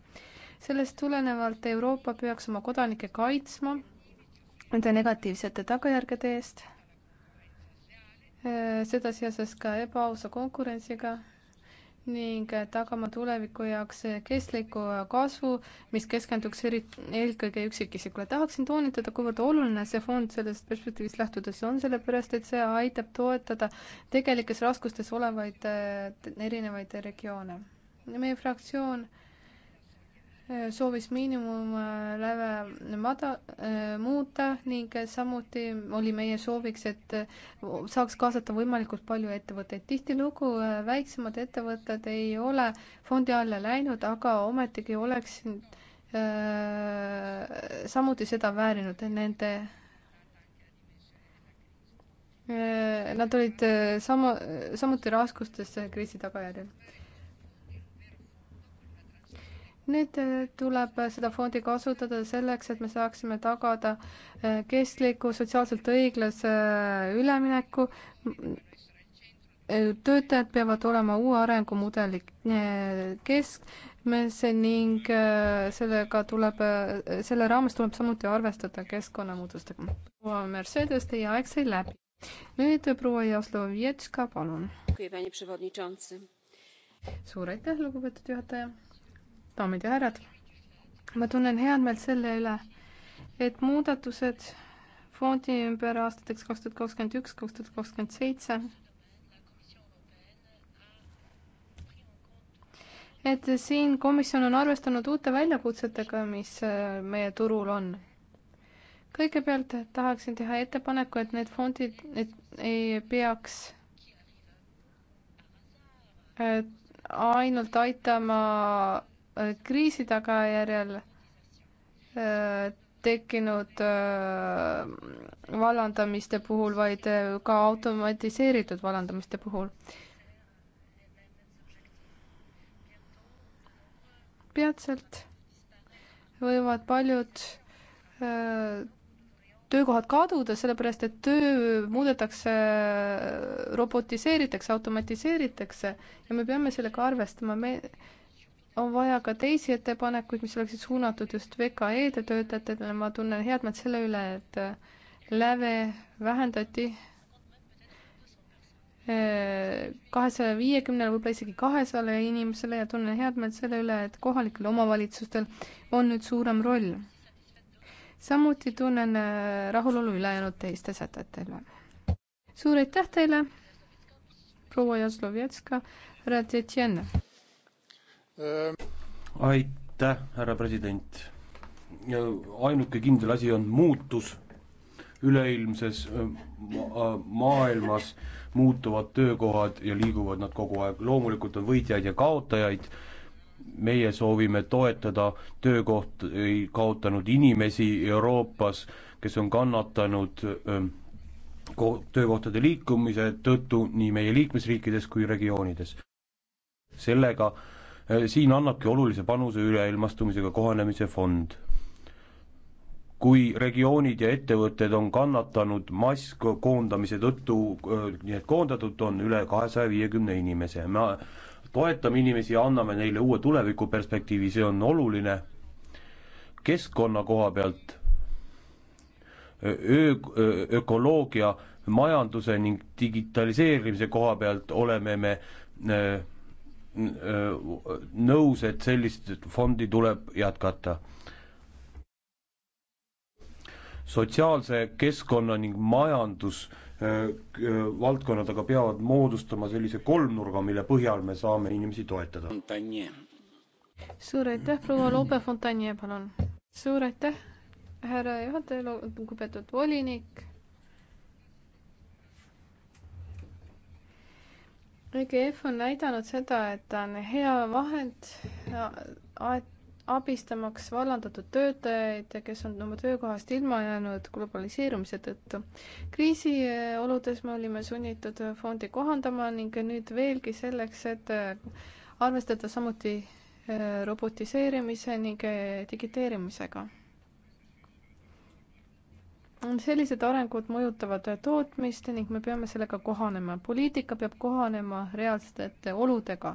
S1: sellest tulenevalt Euroopa peaks oma kodanikke kaitsma nende negatiivsete tagajärgede eest, äh, seda seoses ka ebaausa konkurentsiga ning tagama tuleviku jaoks kestliku kasvu, mis keskenduks eri, eelkõige üksikisikule. tahaksin toonitada, kuivõrd oluline see fond sellest perspektiivist lähtudes on, sellepärast et see aitab toetada tegelikes raskustes olevaid äh, erinevaid regioone. meie fraktsioon äh, soovis miinimumläve mada- äh,, muuta ning samuti oli meie sooviks, et saaks kaasata võimalikult palju ettevõtteid. tihtilugu äh, väiksemad ettevõtted ei ole fondi alla läinud, aga ometigi oleks äh, samuti seda väärinud nende äh, Nad olid äh, sama, samuti raskustes kriisi tagajärjel nüüd äh, tuleb äh, seda fondi kasutada selleks, et me saaksime tagada äh, kestliku, sotsiaalselt õiglase ülemineku. töötajad peavad olema uue arengumudeli keskmes ning sellega tuleb, selle raames tuleb samuti arvestada keskkonnamuutustega. proua Mercedes, teie aeg sai läbi. nüüd proua Jaslovetška, palun. suur aitäh, lugupeetud juhataja daamid ja härrad. ma tunnen head meelt selle üle, et muudatused fondi ümber aastateks kaks tuhat kakskümmend üks, kaks tuhat kakskümmend seitse et siin komisjon on arvestanud uute väljakutsetega, mis äh, meie turul on. kõigepealt tahaksin teha ettepaneku, et need fondid et ei peaks äh, ainult aitama Äh, kriisi tagajärjel äh, tekkinud äh, vallandamiste puhul, vaid ka automatiseeritud vallandamiste puhul. peatselt võivad paljud töökohad kaduda, sellepärast et töö muudetakse, robotiseeritakse, automatiseeritakse ja me peame sellega arvestama, me on vaja ka teisi ettepanekuid, mis oleksid suunatud just VKE-de töötajatele, ma tunnen head meelt selle üle, et äh, läve vähendati äh, kahesaja viiekümnele, võib-olla isegi kahesajale inimesele ja tunnen head meelt selle üle, et kohalikel omavalitsustel on nüüd suurem roll. samuti tunnen äh, rahulolu ülejäänud teiste sätete üle. suur aitäh teile, proua Jaslovjetska, Radetšen
S2: aitäh, härra president. ainuke kindel asi on muutus üleilmses äh, ma maailmas muutuvad töökohad ja liiguvad nad kogu aeg. loomulikult on võitjaid ja kaotajaid. meie soovime toetada töökohti kaotanud inimesi Euroopas, kes on kannatanud ähm, töökohtade liikumise tõttu nii meie liikmesriikides kui regioonides. sellega Äh, siin annabki olulise panuse üleilmastumisega kohanemise fond. kui regioonid ja ettevõtted on kannatanud masskoondamise tõttu, äh, nii et koondatud on üle kahesaja viiekümne inimese, me toetame inimesi ja anname neile uue tulevikuperspektiivi, see on oluline, keskkonna koha pealt öö, ökoloogia, majanduse ning digitaliseerimise koha pealt oleme me öö, äh, nõus, et sellist fondi tuleb jätkata. sotsiaalse keskkonna ning majandus valdkonnad aga peavad moodustama sellise kolmnurga, mille põhjal me saame inimesi toetada.
S1: suur aitäh, proua Lope Fontanje, palun. suur aitäh, härra juhataja, lugupeetud volinik EGF on näidanud seda, et ta on hea vahend abistamaks vallandatud töötajaid, kes on oma töökohast ilma jäänud globaliseerumise tõttu. kriisioludes eh, me olime sunnitud fondi kohandama ning nüüd veelgi selleks, et eh, arvestada samuti eh, robotiseerimise ning digiteerimisega sellised arengud mõjutavad tootmist ning me peame sellega kohanema. poliitika peab kohanema reaalsete oludega.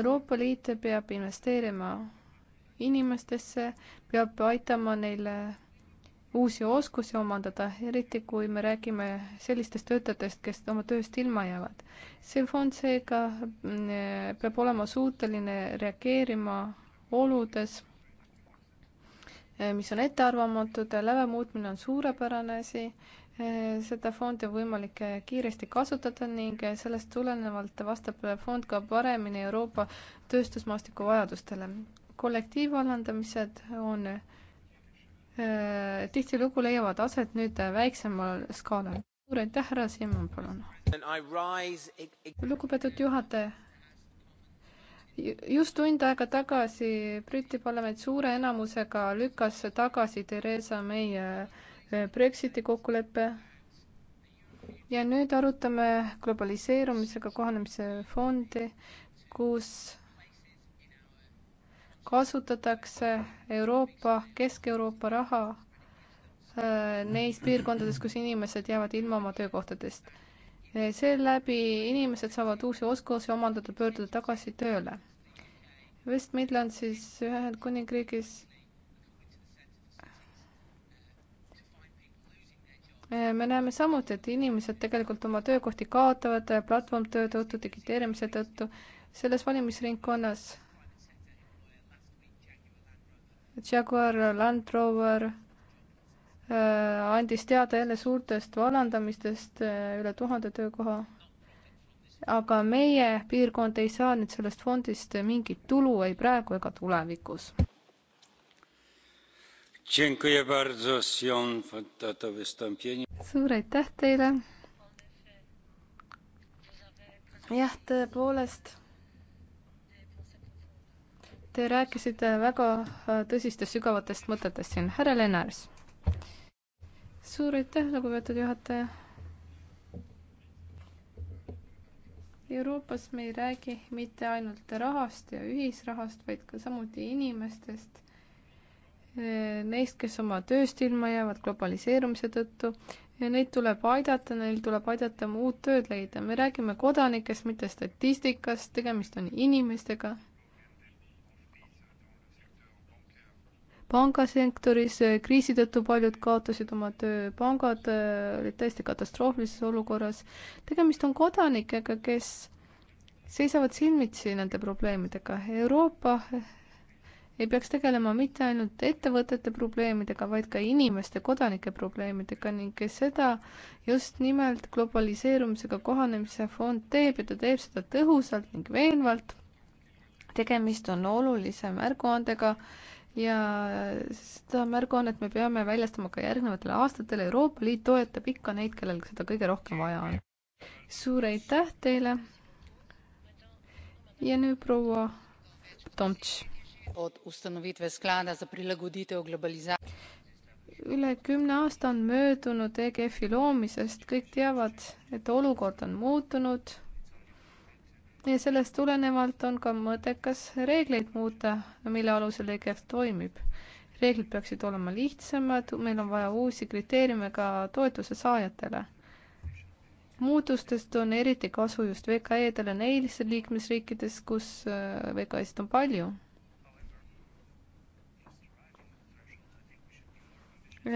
S1: Euroopa Liit peab investeerima inimestesse, peab aitama neile uusi oskusi omandada, eriti kui me räägime sellistest töötajatest, kes oma tööst ilma jäävad. see fond seega mm, peab olema suuteline reageerima oludes Eh, mis on ettearvamatud, läve muutmine on suurepärane asi, eh, seda fondi on võimalik eh, kiiresti kasutada ning sellest tulenevalt vastab fond ka paremini Euroopa tööstusmaastiku vajadustele. kollektiivallandamised on tihtilugu leiavad aset nüüd väiksemal skaalal. suur aitäh, härra Simon, palun! lugupeetud juhataja just tund aega tagasi Briti parlament suure enamusega lükkas tagasi Theresa May äh, Brexiti kokkuleppe. ja nüüd arutame globaliseerumisega kohanemise fondi, kus kasutatakse Euroopa, Kesk-Euroopa raha äh, neis piirkondades, kus inimesed jäävad ilma oma töökohtadest seeläbi inimesed saavad uusi oskusi omandada, pöörduda tagasi tööle. West Midlandsis Ühendkuningriigis me näeme samuti, et inimesed tegelikult oma töökohti kaotavad platvormtöö tõttu, digiteerimise tõttu. selles valimisringkonnas Jaguar, Land Rover Äh, andis teada jälle suurtest vallandamistest, äh, üle tuhande töökoha. aga meie piirkond ei saa nüüd sellest fondist mingit tulu ei praegu ega tulevikus. suur aitäh teile. jah, tõepoolest Te rääkisite väga äh, tõsistest sügavatest mõtetest siin, härra Lennars suur aitäh, lugupeetud juhataja. Euroopas me ei räägi mitte ainult rahast ja ühisrahast, vaid ka samuti inimestest. Neist, kes oma tööst ilma jäävad globaliseerumise tõttu ja neid tuleb aidata, neil tuleb aidata oma uut tööd leida. me räägime kodanikest, mitte statistikast, tegemist on inimestega pangasektoris kriisi tõttu paljud kaotasid oma töö, pangad äh, olid täiesti katastroofilises olukorras. tegemist on kodanikega, kes seisavad silmitsi nende probleemidega. Euroopa ei peaks tegelema mitte ainult ettevõtete probleemidega, vaid ka inimeste, kodanike probleemidega ning seda just nimelt globaliseerumisega kohanemise fond teeb ja ta teeb seda tõhusalt ning veenvalt. tegemist on olulise märguandega ja seda märguannet me peame väljastama ka järgnevatel aastatel. Euroopa Liit toetab ikka neid, kellel seda kõige rohkem vaja on. suur aitäh teile. ja nüüd proua Tomtš. üle kümne aasta on möödunud EGF-i loomisest, kõik teavad, et olukord on muutunud ja sellest tulenevalt on ka mõttekas reegleid muuta, mille alusel EGF toimib. reeglid peaksid olema lihtsamad, meil on vaja uusi kriteeriume ka toetuse saajatele. muutustest on eriti kasu just VKE-dele neis liikmesriikides, kus äh, VKE-sid on palju.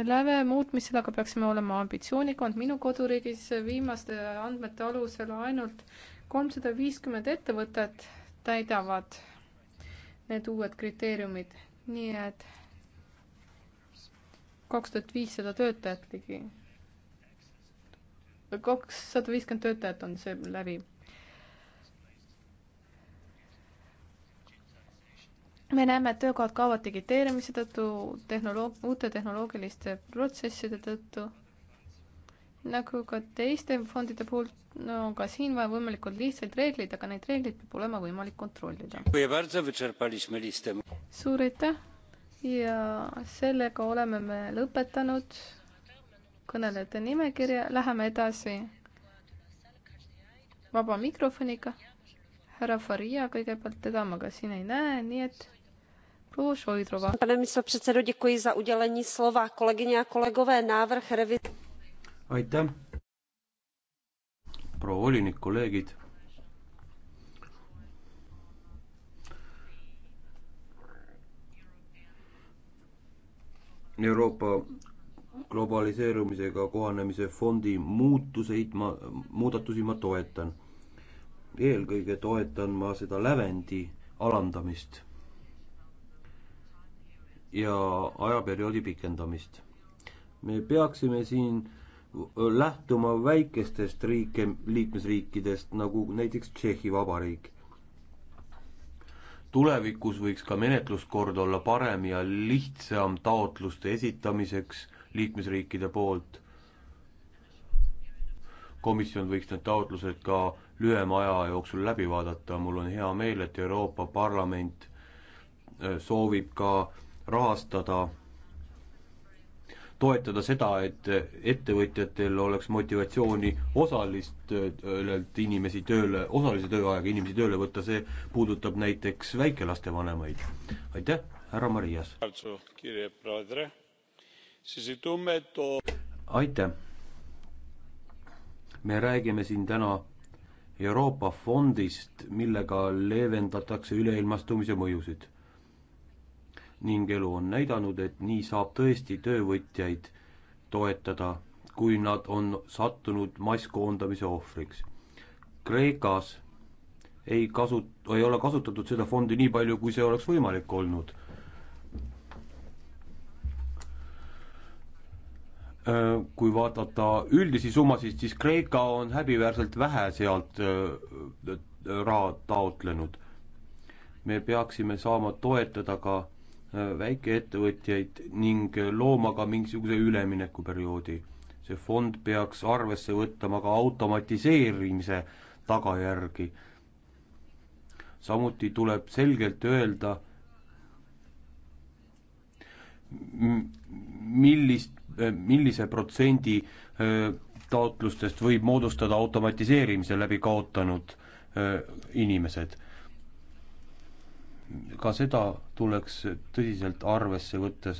S1: Läve muutmisel aga peaksime olema ambitsioonikamad, minu koduriigis viimaste andmete alusel ainult kolmsada viiskümmend ettevõtet täidavad need uued kriteeriumid, nii et kaks tuhat viissada töötajat ligi. kakssada viiskümmend töötajat on see läbi. me näeme, et töökohad kaovad digiteerimise tõttu, tehnoloog-, uute tehnoloogiliste protsesside tõttu nagu ka teiste fondide puhul no, on ka siin vaja võimalikult lihtsaid reegleid, aga neid reegleid peab olema võimalik kontrollida. suur aitäh ja sellega oleme me lõpetanud kõnelejate nimekirja, läheme edasi vaba mikrofoniga. härra Faria kõigepealt, teda ma ka siin ei näe, nii et proua Šoidrova. pane,
S3: mis ma, tänan, tänan, kolleegid ja kolleegid, návrh revi-
S2: aitäh! proua volinik, kolleegid. Euroopa globaliseerumisega kohanemise fondi muutuseid ma, muudatusi ma toetan. eelkõige toetan ma seda lävendi alandamist ja ajaperioodi pikendamist. me peaksime siin lähtuma väikestest riike, liikmesriikidest, nagu näiteks Tšehhi Vabariik. tulevikus võiks ka menetluskord olla parem ja lihtsam taotluste esitamiseks liikmesriikide poolt. komisjon võiks need taotlused ka lühema aja jooksul läbi vaadata, mul on hea meel, et Euroopa Parlament äh, soovib ka rahastada toetada seda, et ettevõtjatel oleks motivatsiooni osalistelt inimesi tööle, osalise tööajaga inimesi tööle võtta, see puudutab näiteks väikelaste vanemaid. aitäh, härra Marias! aitäh! me räägime siin täna Euroopa fondist, millega leevendatakse üleilmastumise mõjusid ning elu on näidanud, et nii saab tõesti töövõtjaid toetada, kui nad on sattunud masskoondamise ohvriks. Kreekas ei kasu, ei ole kasutatud seda fondi nii palju, kui see oleks võimalik olnud. kui vaadata üldisi summasid, siis Kreeka on häbiväärselt vähe sealt raha taotlenud. me peaksime saama toetada ka Äh, väikeettevõtjaid ning looma ka mingisuguse üleminekuperioodi. see fond peaks arvesse võtma ka automatiseerimise tagajärgi. samuti tuleb selgelt öelda, millist, äh, millise protsendi äh, taotlustest võib moodustada automatiseerimise läbi kaotanud inimesed ka seda tuleks tõsiselt arvesse võtta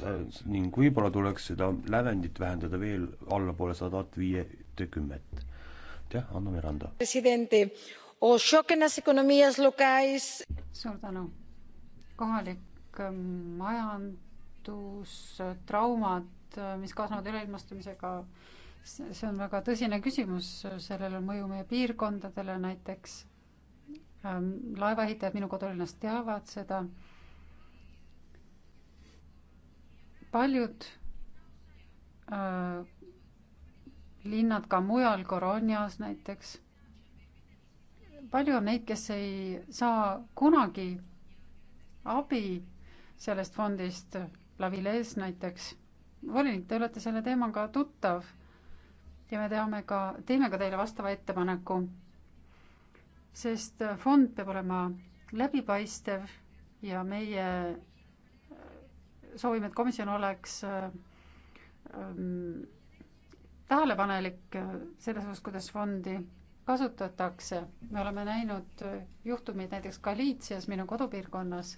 S2: ning võib-olla tuleks seda lävendit vähendada veel allapoole sadat viitekümmet. aitäh, Anna Miranda.
S3: suur tänu. kohalik ähm, majandus, traumad, äh, mis kaasnevad üleilmastumisega, see on väga tõsine küsimus, sellel on mõju meie piirkondadele näiteks Ähm, laevaehitajad minu kodulinnas teavad seda. paljud äh, linnad ka mujal, Koronias näiteks, palju on neid, kes ei saa kunagi abi sellest fondist, Lavilees näiteks. volinik, te olete selle teemaga tuttav ja me teame ka, teeme ka teile vastava ettepaneku sest fond peab olema läbipaistev ja meie soovime, et komisjon oleks ähm, tähelepanelik selles osas, kuidas fondi kasutatakse. me oleme näinud juhtumeid näiteks Galiitsias, minu kodupiirkonnas,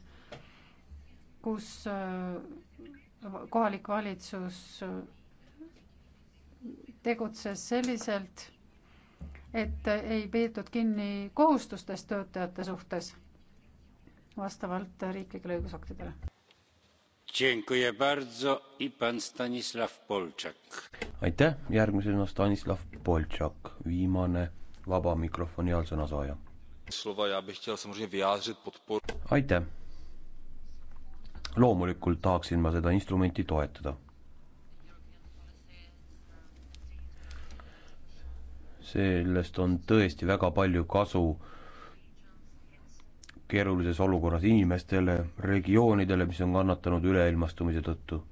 S3: kus äh, kohalik valitsus äh, tegutses selliselt et ei peetud kinni kohustustest töötajate suhtes vastavalt riiklikele õigusaktidele.
S2: aitäh, järgmisena Stanislav Poltšak, viimane vaba mikrofoni all sõnasaaja. aitäh. loomulikult tahaksin ma seda instrumenti toetada sellest on tõesti väga palju kasu keerulises olukorras inimestele, regioonidele, mis on kannatanud üleilmastumise tõttu.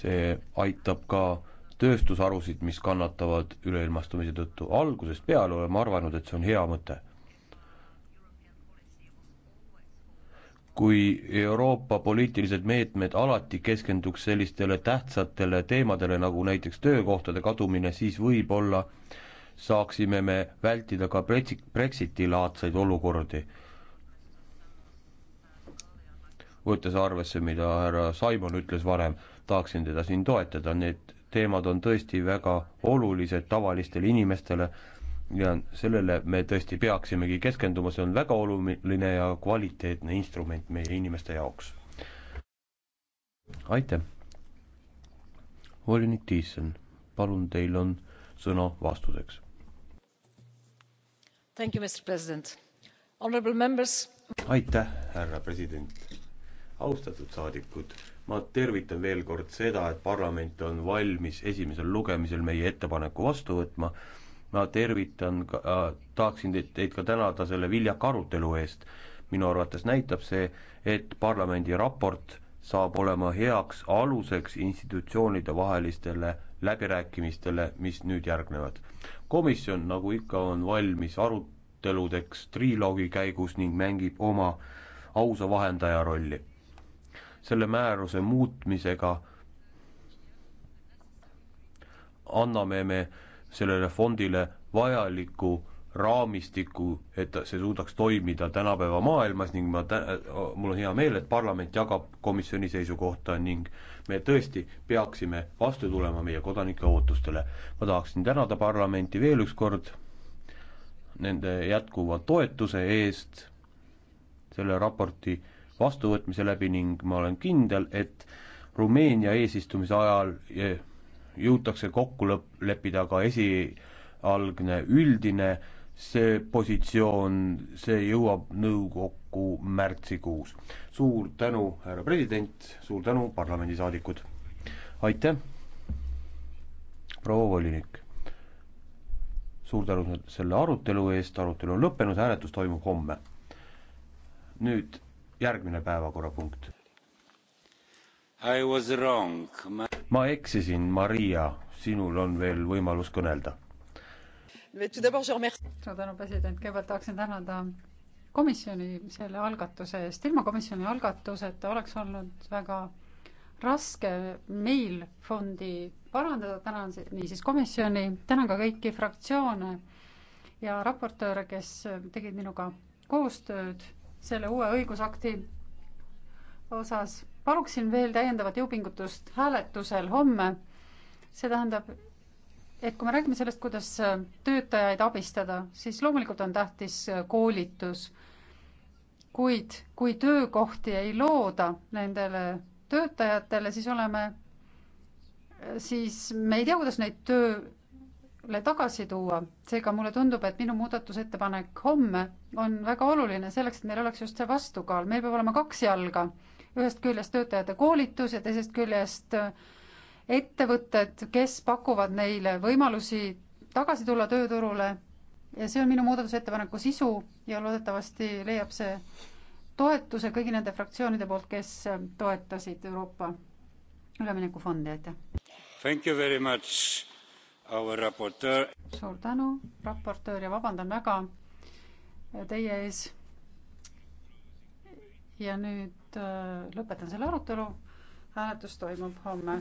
S2: see aitab ka tööstusharusid, mis kannatavad üleilmastumise tõttu. algusest peale oleme arvanud, et see on hea mõte kui Euroopa poliitilised meetmed alati keskenduks sellistele tähtsatele teemadele, nagu näiteks töökohtade kadumine, siis võib-olla saaksime me vältida ka Brexiti-laadseid olukordi. võttes arvesse, mida härra Simon ütles varem, tahaksin teda siin toetada, need teemad on tõesti väga olulised tavalistele inimestele, ja sellele me tõesti peaksimegi keskenduma, see on väga oluline ja kvaliteetne instrument meie inimeste jaoks. aitäh. volinik Tiisson, palun, teil on sõna vastuseks. aitäh, härra president. austatud saadikud, ma tervitan veel kord seda, et parlament on valmis esimesel lugemisel meie ettepaneku vastu võtma ma tervitan ka äh,, tahaksin teid, teid ka tänada selle viljaka arutelu eest. minu arvates näitab see, et parlamendi raport saab olema heaks aluseks institutsioonide vahelistele läbirääkimistele, mis nüüd järgnevad. komisjon, nagu ikka, on valmis aruteludeks triloogi käigus ning mängib oma ausa vahendaja rolli. selle määruse muutmisega anname me äh, sellele fondile vajaliku raamistiku, et see suudaks toimida tänapäeva maailmas ning ma tä-, mul on hea meel, et parlament jagab komisjoni seisukohta ning me tõesti peaksime vastu tulema meie kodanike ootustele. ma tahaksin tänada parlamenti veel üks kord nende jätkuva toetuse eest selle raporti vastuvõtmise läbi ning ma olen kindel, et Rumeenia eesistumise ajal jõutakse kokku lõpp, leppida ka esialgne üldine see positsioon, see jõuab nõukokku märtsikuus. suur tänu, härra president, suur tänu, parlamendisaadikud. aitäh, proua volinik. suur tänu selle arutelu eest, arutelu on lõppenud, hääletus toimub homme. nüüd järgmine päevakorrapunkt ma eksisin, Maria, sinul on veel võimalus kõnelda.
S3: suur tänu, president, kõigepealt tahaksin tänada komisjoni selle algatuse eest, ilma komisjoni algatuseta oleks olnud väga raske meil fondi parandada, tänan niisiis komisjoni, tänan ka kõiki fraktsioone ja raportööre, kes tegid minuga koostööd selle uue õigusakti osas paluksin veel täiendavat jõupingutust hääletusel homme. see tähendab, et kui me räägime sellest, kuidas töötajaid abistada, siis loomulikult on tähtis koolitus. kuid kui töökohti ei looda nendele töötajatele, siis oleme, siis me ei tea, kuidas neid tööle tagasi tuua. seega mulle tundub, et minu muudatusettepanek homme on väga oluline selleks, et meil oleks just see vastukaal, meil peab olema kaks jalga ühest küljest töötajate koolitus ja teisest küljest äh, ettevõtted, kes pakuvad neile võimalusi tagasi tulla tööturule ja see on minu muudatusettepaneku sisu ja loodetavasti leiab see toetuse kõigi nende fraktsioonide poolt, kes äh, toetasid Euroopa Üleminekufondi, aitäh! suur tänu, raportöör ja vabandan väga äh, teie ees. ja nüüd nüüd äh, lõpetan selle arutelu. hääletus toimub homme.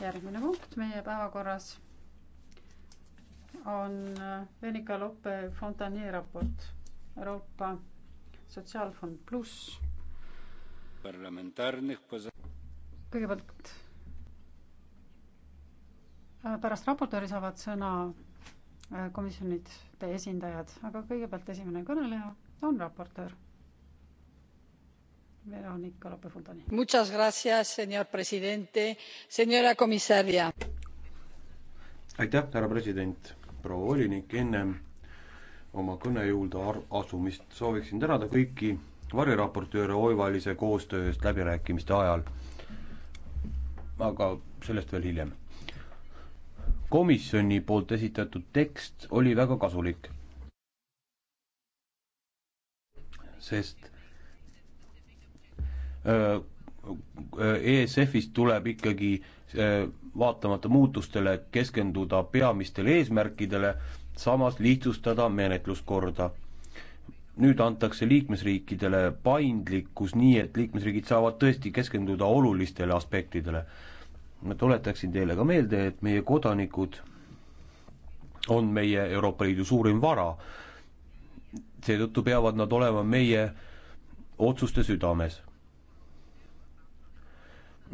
S3: järgmine punkt meie päevakorras on äh, Veronika Lope-Fontanier raport Euroopa Sotsiaalfond pluss. kõigepealt äh, pärast raportööri saavad sõna komisjonide esindajad, aga kõigepealt esimene kõneleja on raportöör señor presidente señora comisaria
S2: aitäh härra president proua volinik enne oma kõne juurde asumist sooviksin tänada kõiki variraportööre oivalise koostöö eest läbirääkimiste ajal aga sellest veel hiljem komisjoni poolt esitatud tekst oli väga kasulik sest Äh, äh, ESF-ist tuleb ikkagi äh, vaatamata muutustele keskenduda peamistele eesmärkidele, samas lihtsustada menetluskorda. nüüd antakse liikmesriikidele paindlikkus, nii et liikmesriigid saavad tõesti keskenduda olulistele aspektidele. ma tuletaksin teile ka meelde, et meie kodanikud on meie Euroopa Liidu suurim vara, seetõttu peavad nad olema meie otsuste südames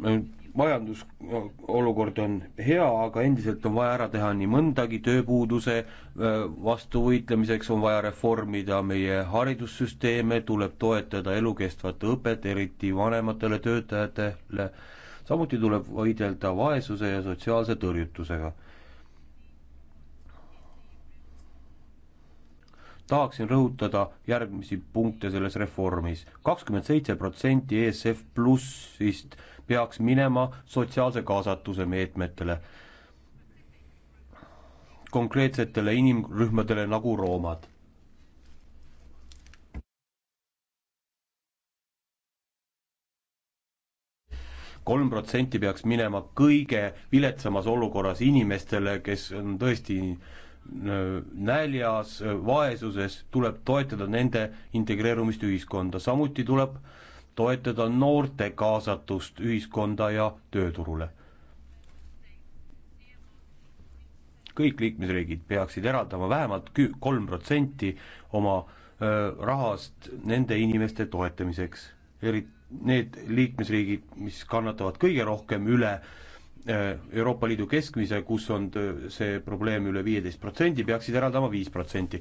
S2: Äh, majandusolukord äh, on hea, aga endiselt on vaja ära teha nii mõndagi tööpuuduse äh, vastu võitlemiseks, on vaja reformida meie haridussüsteeme, tuleb toetada elukestvat õpet, eriti vanematele töötajatele, samuti tuleb võidelda vaesuse ja sotsiaalse tõrjutusega. tahaksin rõhutada järgmisi punkte selles reformis. kakskümmend seitse protsenti ESF plussist peaks minema sotsiaalse kaasatuse meetmetele, konkreetsetele inimrühmadele nagu roomad. kolm protsenti peaks minema kõige viletsamas olukorras inimestele, kes on tõesti äh, näljas, vaesuses, tuleb toetada nende integreerumist ühiskonda, samuti tuleb äh, toetada noorte kaasatust ühiskonda ja tööturule. kõik liikmesriigid peaksid eraldama vähemalt kolm protsenti oma öö, rahast nende inimeste toetamiseks, eriti need liikmesriigid, mis kannatavad kõige rohkem üle Euroopa Liidu keskmise, kus on see probleem üle viieteist protsendi, peaksid eraldama viis protsenti.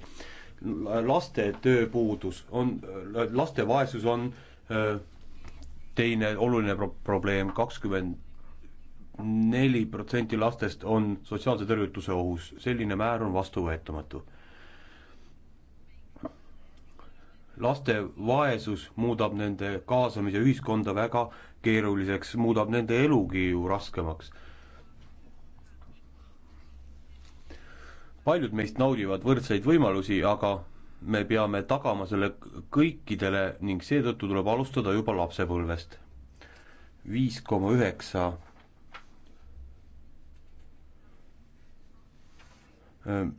S2: laste tööpuudus on, laste vaesus on teine oluline pro-, probleem, kakskümmend neli protsenti lastest on sotsiaalse tõrjutuse ohus, selline määr on vastuvõetamatu. laste vaesus muudab nende kaasamise ühiskonda väga keeruliseks, muudab nende elugi ju raskemaks. paljud meist naudivad võrdseid võimalusi, aga me peame tagama selle kõikidele ning seetõttu tuleb alustada juba lapsepõlvest. viis koma üheksa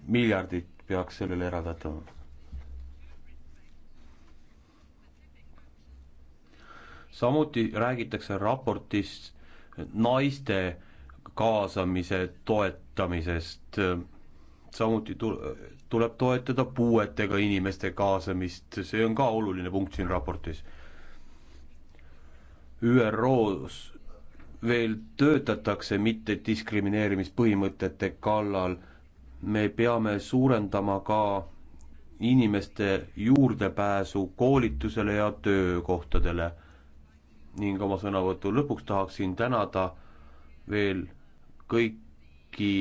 S2: miljardit peaks sellele eraldatama. samuti räägitakse raportis naiste kaasamise toetamisest samuti tuleb toetada puuetega inimeste kaasamist, see on ka oluline punkt siin raportis. ÜRO-s veel töötatakse mittediskrimineerimispõhimõtete kallal, me peame suurendama ka inimeste juurdepääsu koolitusele ja töökohtadele. ning oma sõnavõtu lõpuks tahaksin tänada veel kõiki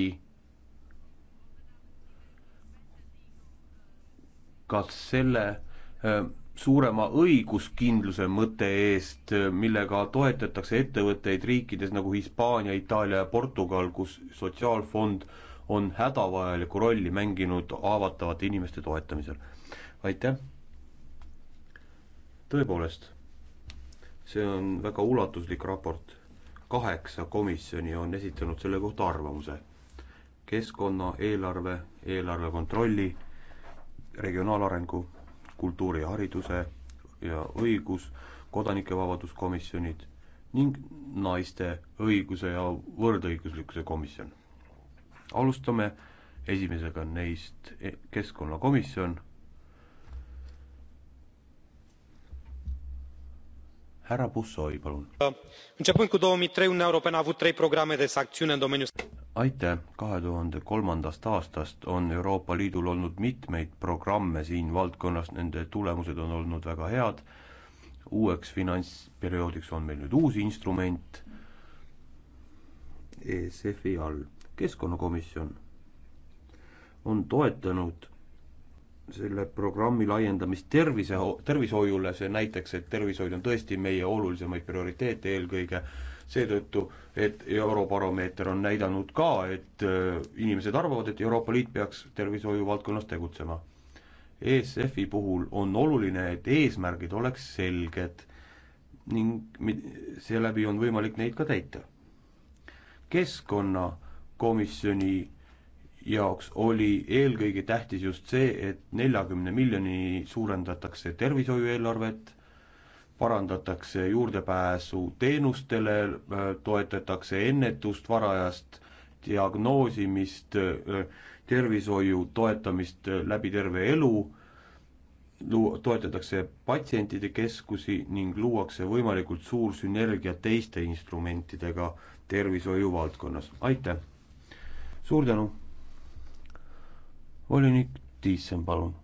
S2: kas selle äh, suurema õiguskindluse mõtte eest, äh, millega toetatakse ettevõtteid riikides nagu Hispaania, Itaalia ja Portugal, kus sotsiaalfond on hädavajalikku rolli mänginud haavatavate inimeste toetamisel. aitäh! tõepoolest, see on väga ulatuslik raport. kaheksa komisjoni on esitanud selle kohta arvamuse. keskkonna, eelarve, eelarve kontrolli regionaalarengu, kultuuri ja hariduse ja õigus, kodanike vabaduskomisjonid ning naiste õiguse ja võrdõiguslikkuse komisjon. alustame esimesega neist, e-, keskkonnakomisjon härra Bussoi, palun.
S4: începând cu 2003, Uniunea Europeană a avut trei programe de sancțiune în domeniul
S2: aitäh, kahe tuhande kolmandast aastast on Euroopa Liidul olnud mitmeid programme siin valdkonnas, nende tulemused on olnud väga head, uueks finantsperioodiks on meil nüüd uus instrument ESF-i all. keskkonnakomisjon on toetanud selle programmi laiendamist tervise, tervishoiule, see näitaks, et tervishoid on tõesti meie olulisemaid prioriteete eelkõige seetõttu, et Eurobaromeeter on näidanud ka, et äh, inimesed arvavad, et Euroopa Liit peaks tervishoiu valdkonnas tegutsema. ESF-i puhul on oluline, et eesmärgid oleks selged ning seeläbi on võimalik neid ka täita. keskkonnakomisjoni jaoks oli eelkõige tähtis just see, et neljakümne miljoni suurendatakse tervishoiu eelarvet, parandatakse juurdepääsu teenustele, äh, toetatakse ennetust, varajast diagnoosimist, äh, tervishoiu toetamist äh, läbi terve elu, lu-, toetatakse patsientide keskusi ning luuakse võimalikult suur sünergia teiste instrumentidega tervishoiu valdkonnas, aitäh! suur tänu! volinik thyssen palun!